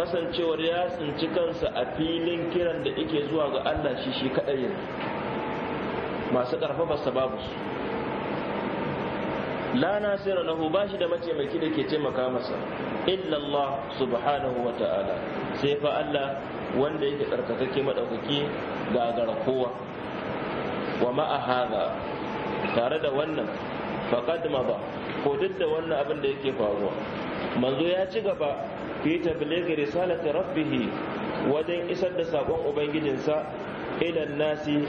kasancewar ya tsinci kansa a filin kiran da yake zuwa ga Allah shi shi kadai masu karfafa sababu su la nasira lahu ba shi da mataimaki da ke taimaka masa illa Allah subhanahu wa ta'ala sai fa Allah wanda yake tsarkakake madaukaki ga garkowa wa ma'a hadha tare da wannan faqad ba, ko duk da wannan abin da yake faruwa manzo ya ci gaba fi tablighi risalati rabbih wajen isar da sakon ubangijinsa ilan nasi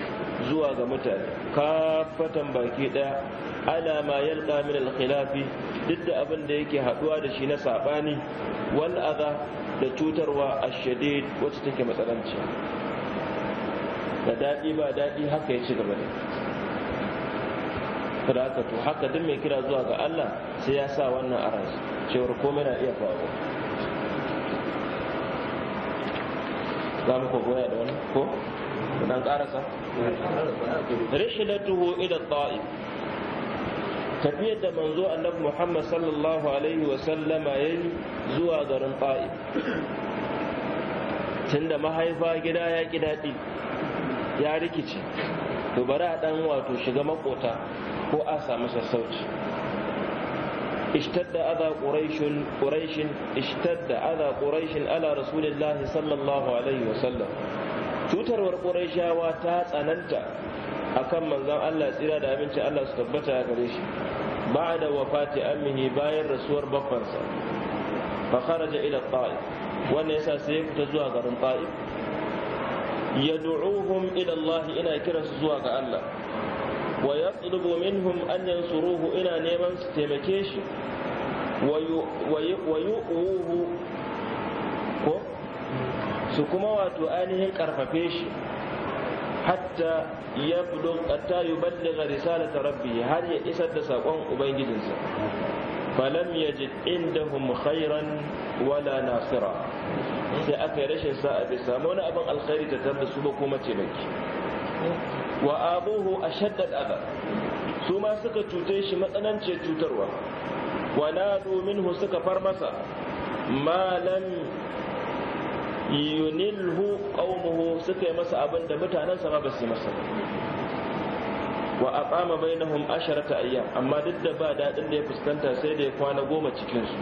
zuwa ga mutane kafatan baki daya ala ma yalqa min al duk da abin da yake haduwa da shi na sabani wal adha da cutarwa ashadid wacce take matsalanci da dadi ba dadi haka ya ci gaba da haka to haka duk mai kira zuwa ga Allah sai ya sa wannan a ransa cewar komai na iya faruwa za mu ko goya da wani ko dan karasa rihlatuhu ila ta'if tafiyar da manzo annabi Muhammad sallallahu alaihi wa sallama yayi zuwa garin ta'if tunda mahaifa gida ya ki daɗi ya rikice to bari a dan wato shiga makota ko a samu sassauci اشتد أذى قريش قريش اشتد أذى قريش على رسول الله صلى الله عليه وسلم cutarwar ƙurashawa ta tsananta akan manzon Allah tsira da abinci Allah su tabbata gare shi ba da wafati amini bayan rasuwar babbansa fa kharaja ila ta'if wanda yasa sai ya fita zuwa garin ta'if yad'uhum ila Allah ina kiransu zuwa ga Allah wa yatlubu minhum an ruhu ina neman su taimake shi wa yu'uhu ko su kuma wato ainihin karfafe shi hatta ya bulo hatta yi risala ta rabbi har ya isar da saƙon ubangijinsa falam ya ji indahum khairan wala nasira sai aka yi rashin sa'a bai samu wani abin alkhairi ta da su ba kuma ce baki wa abuhu a shaddad adab su ma suka cute shi matsananci cutarwa wa nadu minhu suka far masa ma lam yunilhu qaumuhu suka yi masa abin da mutanen sa ma ba su yi masa wa aqama bainahum asharata ayyam amma duk da ba dadin da ya fuskanta sai da ya kwana goma cikin su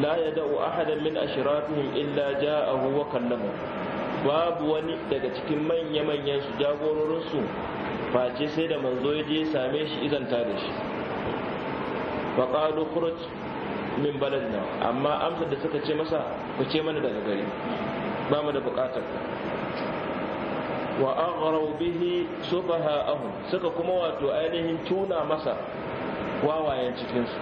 la da'u ahadan min ashiratihim illa ja'ahu wa kallamu babu wani daga cikin manya manyan su jagororin su face sai da manzo ya je same shi izanta da shi faqalu khuruj min baladina amma amsa da suka ce masa ku ce mana daga gari ba mu da bukatar wa aghraw bihi sufaha'ahum suka kuma wato ainihin tuna masa wawayen cikin su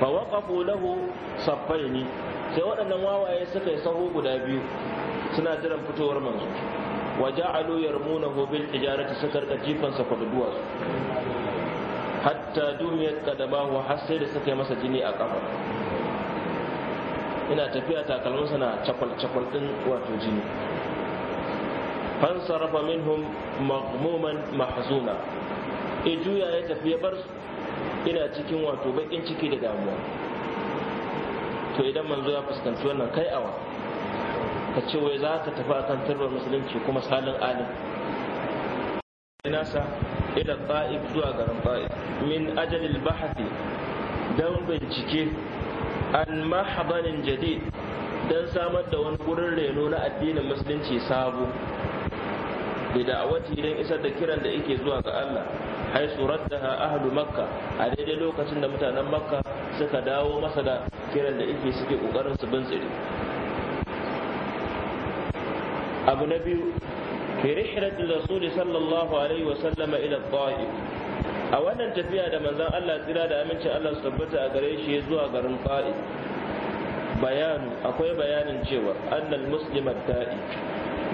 fa waqafu lahu saffaini sai waɗannan wawaye suka yi saho guda biyu suna jiran fitowar manzo wa ja'alu yarmunahu bil ijarati sakar da jifan sa da duwatsu hatta dumiyar kadamahu har sai da suka yi masa jini a kafa ina tafiya takalminsa na cakwal din wato jini fansarafa minhum maghmuman mahzuna e juya ya tafi ya bar ina cikin wato bakin ciki da damuwa to idan manzo ya fuskanci wannan kai awa ka ce wai za ka tafi akan turbar musulunci kuma salin alim nasa ila ta'if zuwa garin ta'if min ajalil bahasi don bincike an mahabanin jadid don samar da wani gurin reno na addinin musulunci sabo da da'awati don isar da kiran da yake zuwa ga Allah hai surataha ahlu makka a daidai lokacin da mutanen makka suka dawo masa da kiran da yake suke kokarin su bin tsiri abu na biyu برحلة الرسول صلى الله عليه وسلم إلى الطائف a wannan tafiya da manzon Allah tsira da aminci Allah su tabbata a gare shi zuwa garin Ta'if bayanu akwai bayanin cewa annal muslimat ta'i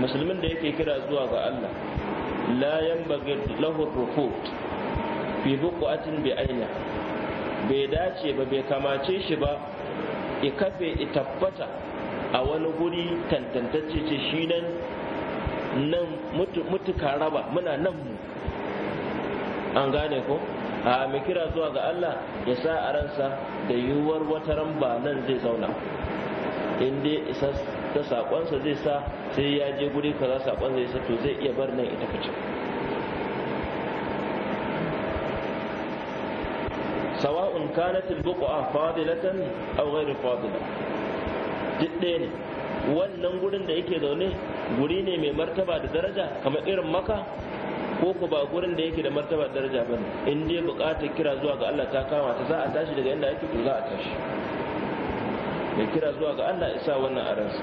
musulmin da yake kira zuwa ga Allah la yanbaghi lahu rukut fi buqatin aina bai dace ba bai kamace shi ba ya kafe ya tabbata a wani guri tantantacce ce shi nan nan mutuka raba muna nan mu an gane ko a mai kira zuwa ga Allah ya sa a ransa da yiwuwar wata ramba nan zai zauna in dai isa ta sakonsa zai sa sai ya je guri kaza sakon zai sa to zai iya bar nan ita fice sawa'un kanatil buqa fadilatan aw ghayr fadila duk ɗaya ne wannan gurin da yake zaune guri ne mai martaba da daraja kamar irin maka ko ku ba gurin da yake da martaba da daraja bane in dai buƙatar kira zuwa ga Allah ta kama ta za a tashi daga inda ake za a tashi da kira zuwa ga Allah isa wannan a ransa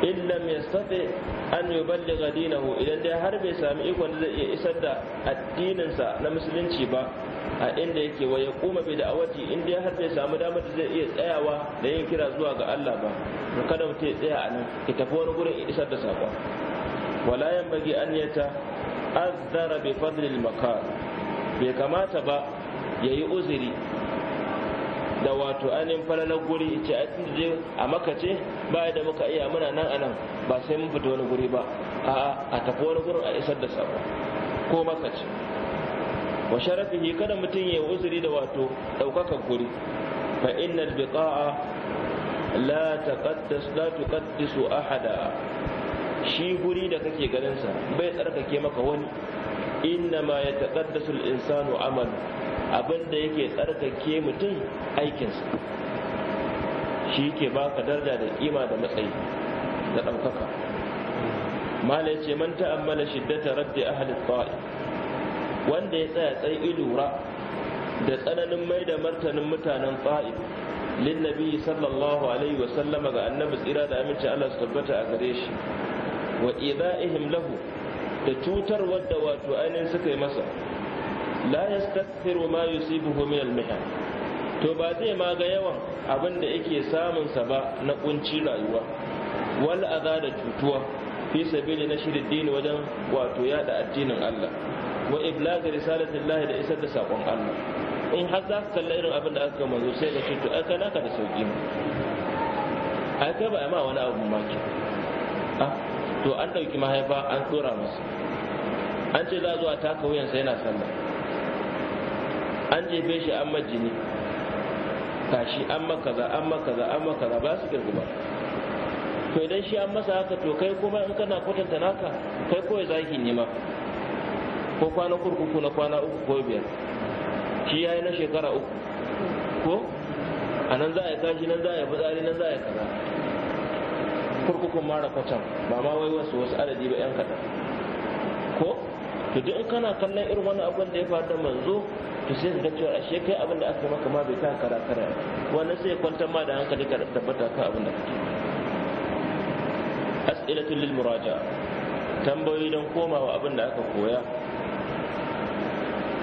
in mai yastati an ga dinahu idan dai har bai sami ikon da zai iya isar da addininsa na musulunci ba a inda yake wa ya kuma bai da'awati inda har bai samu damar da zai iya tsayawa da yin kira zuwa ga Allah ba to kada mu ya tsaya a nan ki tafi wani gurin isar da sako wala bagi an yata azzara bi fadlil makar bai kamata ba yayi uzuri da wato ainihin falalar guri ce a cikin je a makace ba da muka iya muna nan a nan ba sai mun fita wani guri ba a a tafi wani gurin a isar da sako ko makace wa sharafihi kada mutum ya uzuri da wato ɗaukaka guri fa innal biqa'a la taqaddas la tuqaddisu ahada shi guri da kake ganin sa bai tsarkake maka wani inna ya yataqaddasu al-insanu amal abinda yake tsarkake mutum aikinsa shi ke baka darda da kima da matsayi da ɗaukaka mala ce man ta'ammala shiddata raddi ahli ta'i wanda ya tsaya tsaye ilura da tsananin mai da martanin mutanen fa'id linnabi sallallahu alaihi wasallama ga annabi tsira da aminci Allah su tabbata a gare shi wa ida'ihim lahu da cutar wadda wato ainihin suka yi masa la yastakthiru ma yusibuhu min al to ba zai ma ga yawan abin da yake samun sa ba na kunci rayuwa wal azada da cutuwa fi sabili na shirin dini wajen wato yada addinin Allah wa iblag risalatillahi da isar da sakon Allah in har za su kalla irin abin da aka manzo sai da to ai kana ka da sauki ai kai ba ma wani abu Ah, to an dauki mahaifa an tsora masa an ce za zuwa taka sai yana sallah an jefe shi an majini tashi an makaza an makaza an makaza ba su girgu ba to idan shi an masa haka to kai kuma in kana kwatanta naka kai kawai zaki nema ko kwana kurkuku na kwana uku ko biyar shi ya yi na shekara uku ko a nan za a yi kashi nan za a yi fitsari nan za a yi kaza kurkukun mara kwacan ba ma wai wasu wasu adadi ba yan kaɗan ko to duk in kana kallon irin wani abin da ya faru da manzo to sai ka ga cewa ashe kai abin da aka maka ma bai ta kara kara wannan sai kwantar ma da hankali ka tabbata ka abin da kake as'ilatul lil muraja tambayoyi don komawa abin da aka koya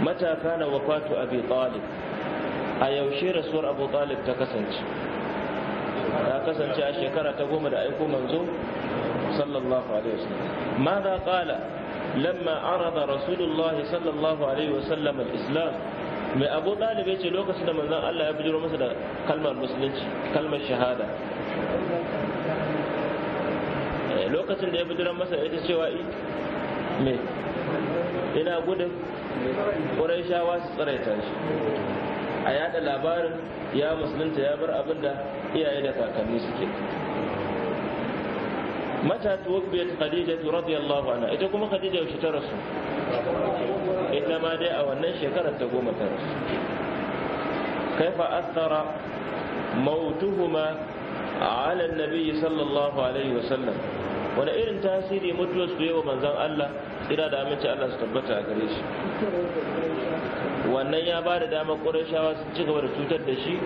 mata kana wafatu abi talib a yaushe rasuwar abu talib ta kasance ta kasance a shekara ta goma da aiko manzo sallallahu alaihi wasallam ماذا قال لما عرض رسول الله صلى الله عليه al-islam. mai abu ɗalib ce lokacin da manzon Allah ya bujiro masa da kalmar musulunci kalmar shahada eh, lokacin da ya bujiro masa ya ita cewa me yana gudun shawa su tsaraita shi a yada labarin ya musulunta ya bar abin da iyaye da kakanni suke mata Khadija tu radiyallahu anha ita kuma khadija yaushe ta rasu ita ma dai a wannan shekarar ta goma ta rasu kaifa asara mautuhuma ala annabi sallallahu alaihi wasallam wani irin tasiri mutuwar su yawa manzan Allah tsira da aminci Allah su tabbata a gare shi wannan ya ba da damar ƙorashawa su ci gaba da cutar da shi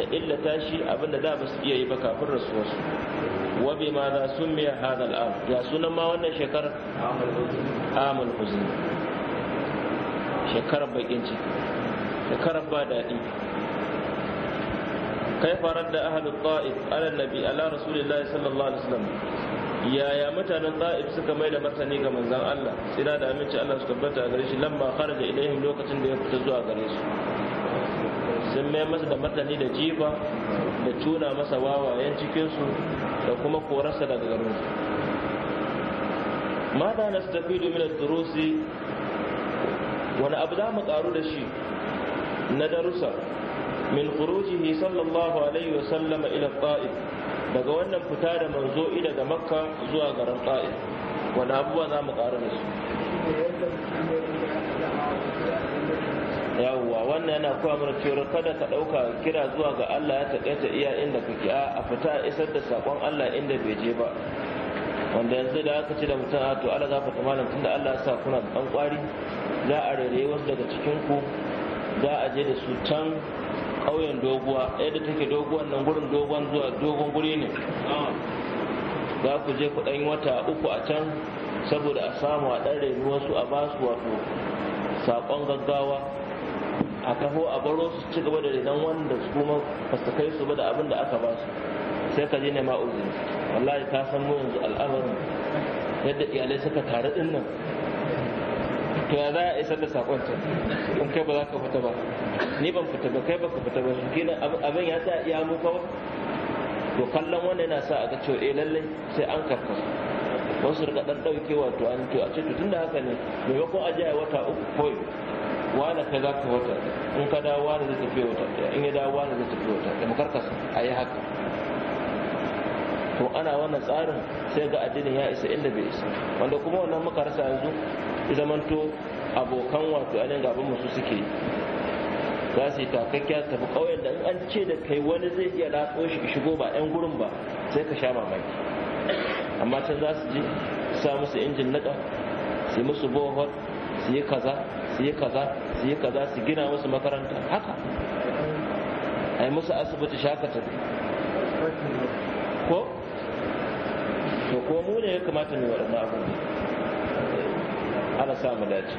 da illata shi abinda da ba su iya yi ba kafin rasuwarsu wa bi ma za sun miya hadal am ya sunan ma wannan shekarar amul huzni shekarar bakin ciki shekarar ba daɗi kai farar da ahalul ta'if ala nabi ala rasulillahi sallallahu alaihi wasallam yaya mutanen ta'if suka mai da martani ga manzan Allah tsira da aminci Allah su tabbata a gare shi lamma da ilaihim lokacin da ya fita zuwa gare su sun mai masa da martani da jiba da tuna masa wawayen cikinsu da kuma korarsa daga garin su mata nastafidu domin ad-durusi wani abu za mu karu da shi na darussa min khurujihi sallallahu alaihi wa sallama ila ta'if daga wannan fita da manzo daga makka zuwa garin ƙa'id wani abubuwa za mu ƙara da su wannan yana koya mana cewa kada ka ɗauka kira zuwa ga Allah ya taƙaita iya inda kake a fita isar da saƙon Allah inda bai je ba wanda yanzu da aka ci da mutum a to Allah za ka malam tunda Allah ya sa kuna da ɗan ƙwari za a rairaye wasu daga cikin ku za a je da su can ƙauyen doguwa ɗaya da take doguwan nan gurin dogon zuwa dogon guri ne za ku je ku ɗan wata uku a can saboda a samu a ɗan reni wasu a basu wato saƙon gaggawa a taho a baro su ci gaba da renon wanda su kuma fasta kai su ba da abin da aka ba su sai ka je ne ma wallahi ka san mu yanzu al'amarin yadda iyalai suka taru ɗin nan to ya za a isar da sakon ta in kai ba za ka fita ba ni ban fita ba kai ba ka fita ba kila abin ya sa ya mu kawai to kallon wannan yana sa a ga cewa eh lallai sai an karka. wasu rika dan dauke wato an to a ce to tunda haka ne Me ko a ya wata uku Koi. wala kai za ka wata in ka dawo wala zai tafi wata in ya dawo wala zai tafi wata da mu karkasa a yi haka to ana wannan tsarin sai ga addinin ya isa inda bai isa wanda kuma wannan muka rasa yanzu zamanto abokan wato nan gaban musu suke za su yi takakkiya su tafi ƙauyen da in an ce da kai wani zai iya ratso shi shigo ba 'yan gurin ba sai ka sha mamaki amma can za su je sa musu injin niƙa su musu bohol su yi kaza su yi kaza su yi kaza su gina musu makaranta haka a yi musu asibiti shakatar ko to ko mu ne ya kamata mai waɗanda abubuwa Ana sa mu dace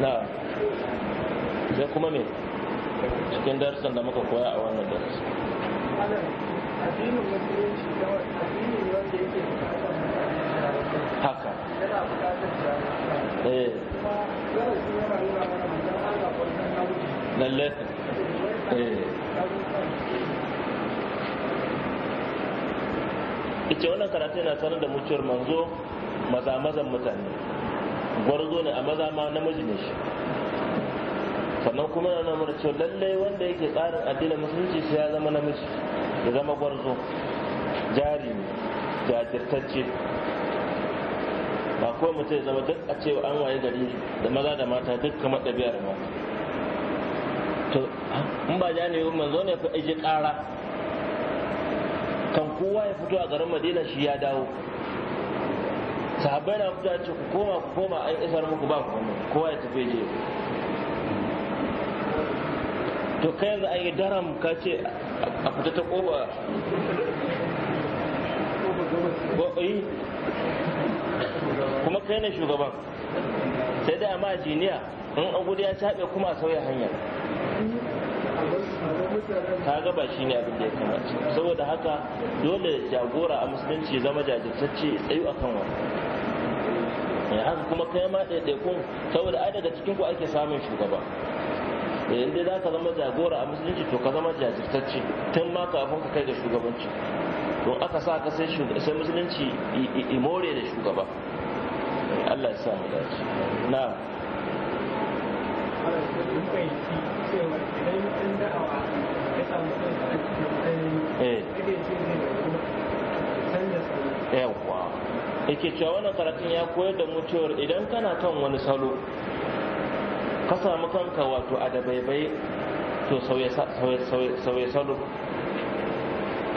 na sai kuma me cikin darsan da muka koya a wannan darasi haka eh lalle eh ita wannan karatu yana sanar da mutuwar manzo maza mazan mutane gwarzo ne a maza ma namiji ne shi sannan kuma yana mana cewa lallai wanda yake tsarin addini musulunci sai ya zama namiji ya zama gwarzo jari ne jajirtacce ba ko mutum ya zama duk a cewa an waye gari da maza da mata duk kamar ɗabi'ar ma. to in ba ja ne manzo ne fa aje ƙara kan kowa ya fito a garin madina shi ya dawo sahabbai na mutuwa ce ku koma ku koma a isar muku ba ku kowa ya tafi je to kai yanzu an yi daram ka ce a fita ta koba eh. kuma kai ne shugaban sai dai amma jiniya in an gudu ya caɓe kuma sauya hanya ta gaba shi ne abin da ya kamata saboda haka dole jagora a musulunci zama jajirtacce tsayu kan wani mai eh, haka kuma kai ma ɗaiɗaikun saboda ai daga cikin ku ake samun shugaba eh, in dai za ka zama jagora a musulunci to ka zama jajirtacce tun ma kafin ka kai ga shugabanci to aka sa ka sai musulunci imore da shugaba Allah ya sa mu dace na eh. yawwa yake cewa wannan karatun ya koyar da mu cewa idan kana kan wani salo ka samu kanka wato a da baibai to sauye salo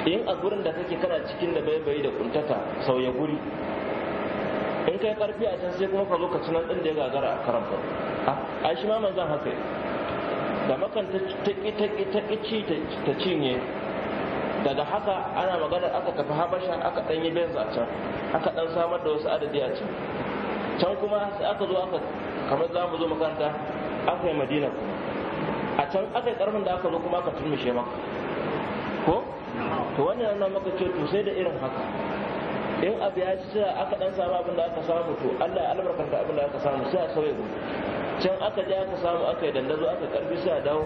in a gurin da kake kana cikin da baibai da kuntata sauye guri in kai karfi a can sai kuma ka lokacin nan din da ya gagara a karanta a ah, shi ma manzan haka da makan ta ƙi ta ƙi ta ƙi ta cinye daga haka ana magana aka tafi habasha aka ɗanyi benz a can aka ɗan samar da wasu adadi a can can kuma sai aka zo aka kamar za mu zo makaranta aka yi madina kuma a can aka yi ƙarfin da aka zo kuma aka turmishe maka ko to wannan nan maka ce to sai da irin haka in abu ya ci sai aka dan samu abin da aka samu to Allah ya albarkanta abin da aka samu sai a sauye gobe can aka je aka samu aka yi dandazo aka karfi sai a dawo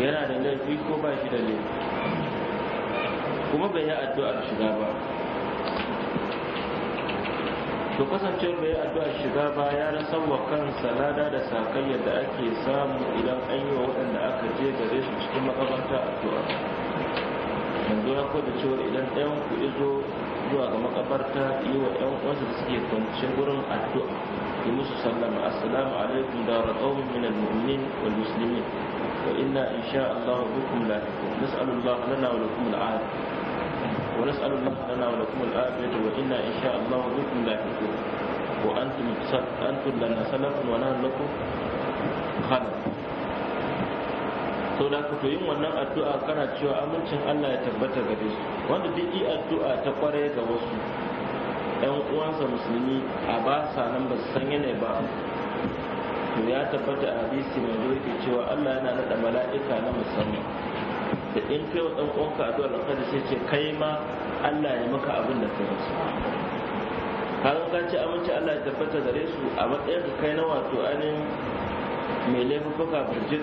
yana da laifi ko ba shi da laifi kuma bai yi addu'ar shiga ba to kasancewar bai yi addu'ar shiga ba ya na wa kansa lada da sakayyar da ake samu idan an yi wa waɗanda aka je gare su cikin makabarta addu'a yanzu ya kwada cewa idan ɗayan ku izo zuwa ga makabarta yi wa ɗan wasu da suke kwance gurin addu'a yi musu sallama assalamu alaikum da raƙaunin minal mu'minin wal muslimin وإنا إن شاء الله بكم لاحقون نسأل الله لنا ولكم العافية ونسأل الله لنا ولكم العافية وإنا إن شاء الله بكم لاحقون وأنتم أنتم لنا سلف ونحن لكم خلف sau da ku yin wannan addu'a kana cewa amincin Allah ya tabbata gare su wanda duk yi addu'a ta kwarai ga wasu ‘yan uwansa musulmi a ba sa nan ba su san yanayi ba wasallam ya tabbata a hadisi mai zurfi cewa Allah yana nada mala'ika na musamman da in kai wa dan uwanka addu'a alƙadi sai ce kai ma Allah ya maka abin da kai rasu har ka ci amince Allah ya tabbata gare su a matsayin da kai na wato anin mai laifuka burjik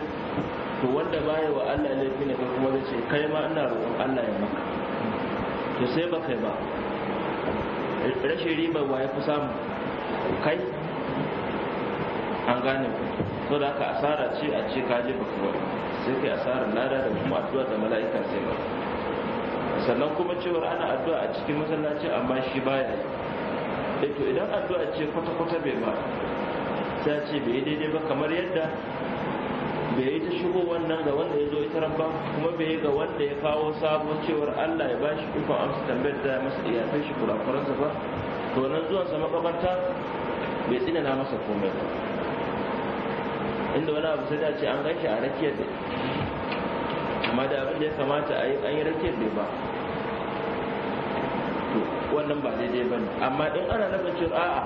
to wanda baya wa Allah laifi ne kuma zai ce kai ma ina roƙon Allah ya maka to sai ba kai ba rashin riba wa ya fi samu kai an gane ku so da aka asara ce a ce ka je baka sai kai asara lada da kuma addu'a da mala'ika sai ba sannan kuma cewar ana addu'a a cikin masallaci amma shi baya yi eh to idan addu'a ce kwata-kwata bai ba ta ce bai yi daidai ba kamar yadda bai yi ta shigo wannan ga wanda ya zo ita ramba kuma bai yi ga wanda ya kawo sabon cewar allah ya ba shi ikon amsa tambayar da masa iyakai shi kurakuransa ba to nan zuwansa makabarta bai tsinana masa komai ba inda wani abu sai ce an ganshi a rake da amma da abin da ya kamata a yi an yi rake da ba wannan ba daidai ba ne amma in ana nufin cewa a'a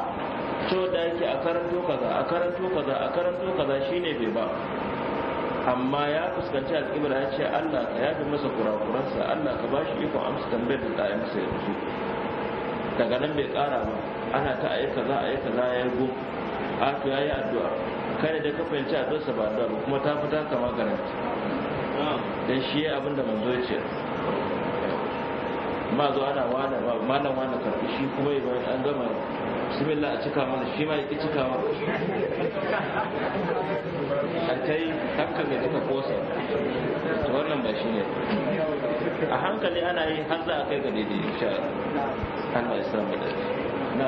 to da yake a karanto kaza a karanto kaza a karanto kaza shine bai ba amma ya fuskanci alƙibar ya ce Allah ka fi masa kurakuransa Allah ka ba shi ikon amsa tambayar da ɗaya masa yanzu daga nan bai ƙara ba ana ta ayi kaza ayi kaza ya yi a to yi addu'a kada da ci a addu'arsa ba addu'a ba kuma ta fita kama garanti dan shi ya abinda manzo ya ce ma zo ana wani ba malam wani karfi shi kuma ya bayan an gama bismillah a cika mana shi ma ya ki cika ma a kai hankali da ka kosa wannan ba shi ne a hankali ana yi har za a kai ga daidai insha Allah ya samu da na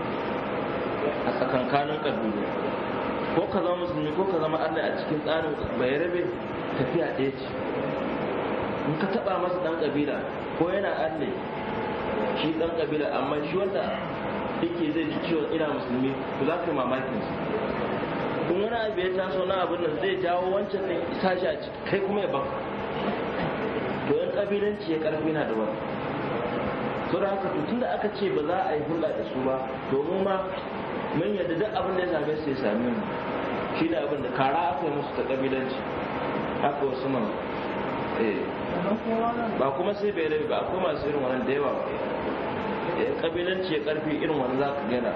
a tsakankanin ƙabilu ko ka zama musulmi ko ka zama allah a cikin tsarin bayarabe tafiya ɗaya ce in ka taɓa masa ɗan ƙabila ko yana allah shi ɗan ƙabila amma shi wanda yake zai ji ciwon ina musulmi to za ka yi mamakin su in wani abu ya taso na abin nan zai jawo wancan ne sashi a ciki kai kuma ya ba to yan ƙabilanci ya ƙarfi na da wani saboda haka to tunda aka ce ba za a yi hulɗa da su ba domin ma mun yadda duk abin da ya same su ya same mu shi da abin da kara aka yi musu ta kabilanci haka wasu man eh. ba kuma sai bai rabi ba akwai masu irin wannan da yawa ba eh, kabilanci ya karfi irin wani za ka gana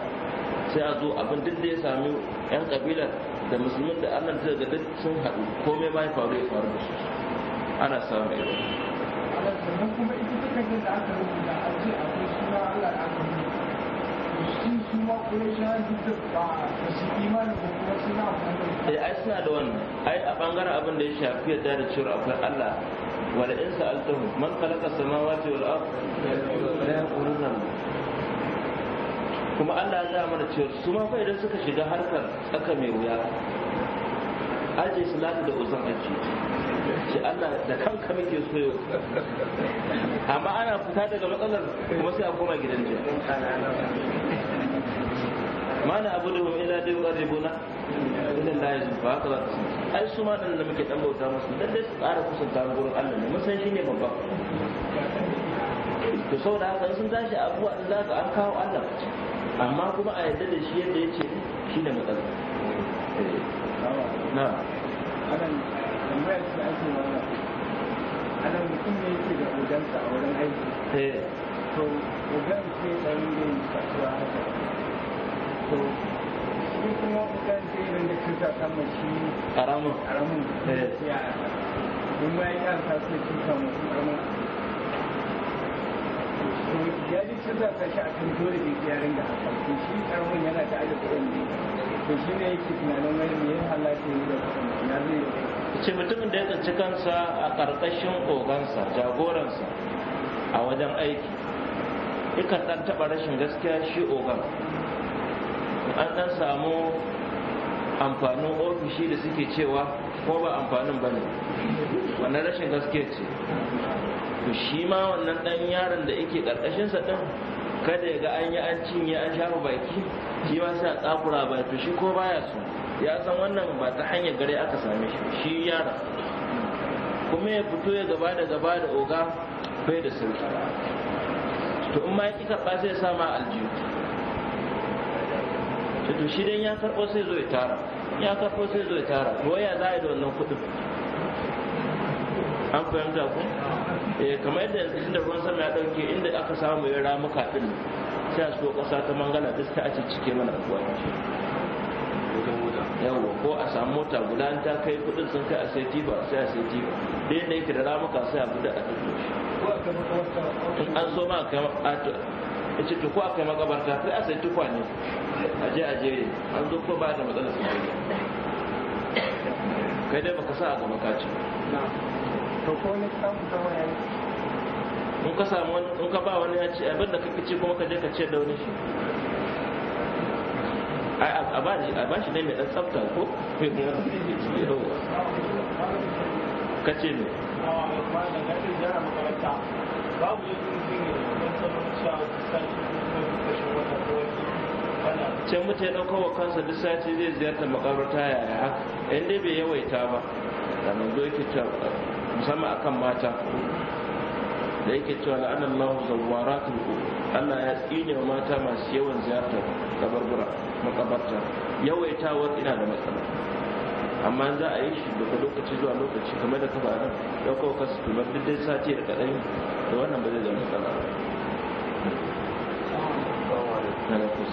sai a zo abin duk da ya sami yan kabilar da musulmin da allah ta ga duk sun haɗu komai ma ya faru ya faru da su ana samun irin kuma ita ta da aka rubuta a suna allah da aka rubuta shi eh, ai suna da wani ai a bangaren abin da ya shafi yadda da cewa akwai Allah wala in sa'altahum man khalaqa samawati wal ard la yaquluna kuma Allah ya zama da cewa su ma fa idan suka shiga harkar tsaka mai wuya aje salatu da uzan aji ce Allah da kanka muke so yau amma ana fita daga matsalar kuma sai a koma gidan jiya mana abu da hum ila dai qaribuna ila la yusfa haka za ta ai su ma dan da muke dan bauta musu dan dai su ƙara kusanta gurin Allah ne mun san shi ne babba to da haka sun tashi abuwa da za an kawo Allah amma kuma a yadda da shi yadda ya ce shine matsala eh. na tambaya ce ake mana anan mutum ne yake da ogansa a wurin aiki eh. to ogan ke ɗan yin kasuwa haka to shi kuma ogan ke irin da cuta sama shi karamin karamin eh. ya don ma ya sai cuta masu karamin ya ji cuta ta shi a kan dole bai iya ringa haka to shi yana da ajiye kuɗin ne to shi ne yake tunanin wani ne ya halatta ya da kuɗin ya zai yi ce mutumin da ya tsinci kansa a ƙarƙashin ogansa jagoransa a wajen aiki ikan ɗan taɓa rashin gaskiya shi ogan an ɗan samu amfanin ofishi da suke cewa ko ba amfanin ba ne wannan rashin gaskiya ce to shi ma wannan ɗan yaron da yake ƙarƙashinsa ɗin kada ya ga an yi an cinye an shafa baki shi ma sai a tsakura ba to shi ko baya so ya san wannan ba ta hanyar gare aka same shi shi yara kuma ya fito ya gaba da gaba da oga bai da sauki to in ma ya kika ba sai ya sama aljihu to shi dan ya karbo sai zo ya tara ya karbo sai zo ya tara to waya za a yi da wannan kuɗin an fahimta ku eh kamar yadda yanzu da ruwan sama ya ɗauke inda aka samu ya ramuka din sai a so ƙasa ta mangala duk ta a cike mana kuwa. yawo ko a samu mota guda ta kai kudin sun kai a sai tiba sai a sai tiba da yadda yake da ramuka sai a buɗe a tuɗe in an so ma ce tuku a kai makabarta kai a sai tukwa ne a je a je an zo ko ba da matsalar sun kai kai dai baka sa a gaba ka ci in ka samu in ka ba wani ya ce abin da kake ce kuma ka je ka ce da wani shi a ba shi dai mai dan tsafta ko ka ce ne babu can mutane ɗaukar wa kansa duk sati zai ziyarta makabarta yaya haka dai bai yawaita ba da manzo yake cewa musamman akan mata da yake cewa la'anan lahu ku Allah ya tsine mata masu yawan ziyarta kaburbura makabarta yawaitawar ina da matsala amma za a yi shi daga lokaci zuwa lokaci kamar da kafa nan ya kawo kasu kuma duk dai sati da kaɗan da wannan ba zai zama matsala wannan eh. zuwa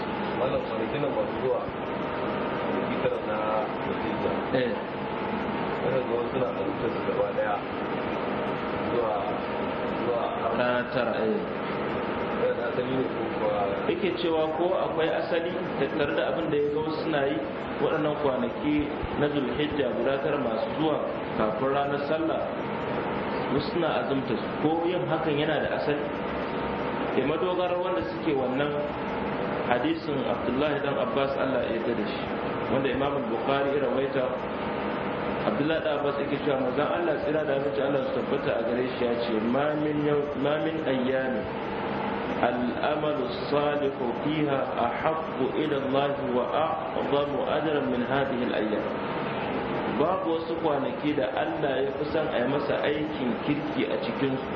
zuwa yake cewa ko akwai asali tattare da abin da ya zo suna yi waɗannan kwanaki na zulhijja guda tara masu zuwa kafin ranar sallah wasu suna azumta ko yin hakan yana da asali da madogarar wanda suke wannan hadisin abdullahi dan abbas allah ya yarda da shi wanda imam bukhari ya rawaita abdullahi dan abbas yake cewa manzon allah tsira da abinci allah su tabbata a gare shi ya ce ma min ayyami الأمل الصالح فيها أحب إلى الله وأعظم أجرا من هذه الأيام babu wasu kwanaki da Allah ya fi son a yi masa aikin kirki a cikinsu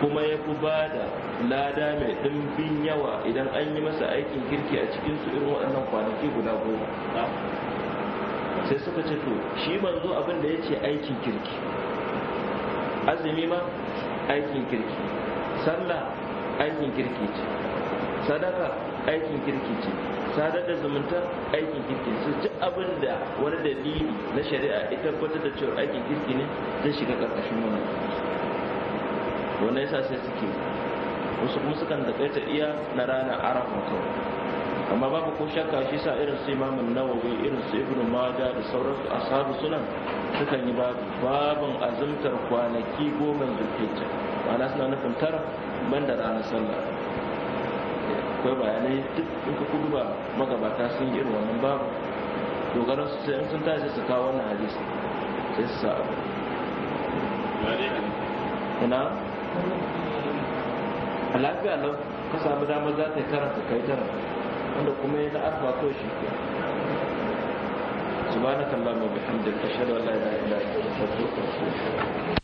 kuma ya fi ba da lada mai ɗimbin yawa idan an yi masa aikin kirki a cikinsu irin waɗannan kwanaki guda goma sai suka ce to shi manzo abin da ya ce aikin kirki azumi ma aikin kirki sallah aikin kirki ce sadaka aikin kirki ce sadaka zumunta aikin kirki su ci abin da wani dalili na shari'a ita tabbatar da cewa aikin kirki ne zai shiga ƙarƙashin Wani wannan yasa sai suke wasu kuma sukan ta iya na ranar arafa kawai amma babu ko shakka shi sa irin su imamun nawawi irin su ibn mada da sauran su ashabu sunan sukan yi babu babin azumtar kwanaki goma zulhijja ma'ana suna nufin tara banda ranar sallah akwai bayanai duk in ka kudu ba magabata sun yi irin wannan babu dogaran su sai sun tashi su kawo wannan hadisi sai su sa'a ina a lafiya lau ka samu damar za ta yi karanta kai tara wanda kuma ya da'ar ba kawai shi ke subhanakallahumma bihamdika ashhadu an la ilaha illa anta astaghfiruka wa atubu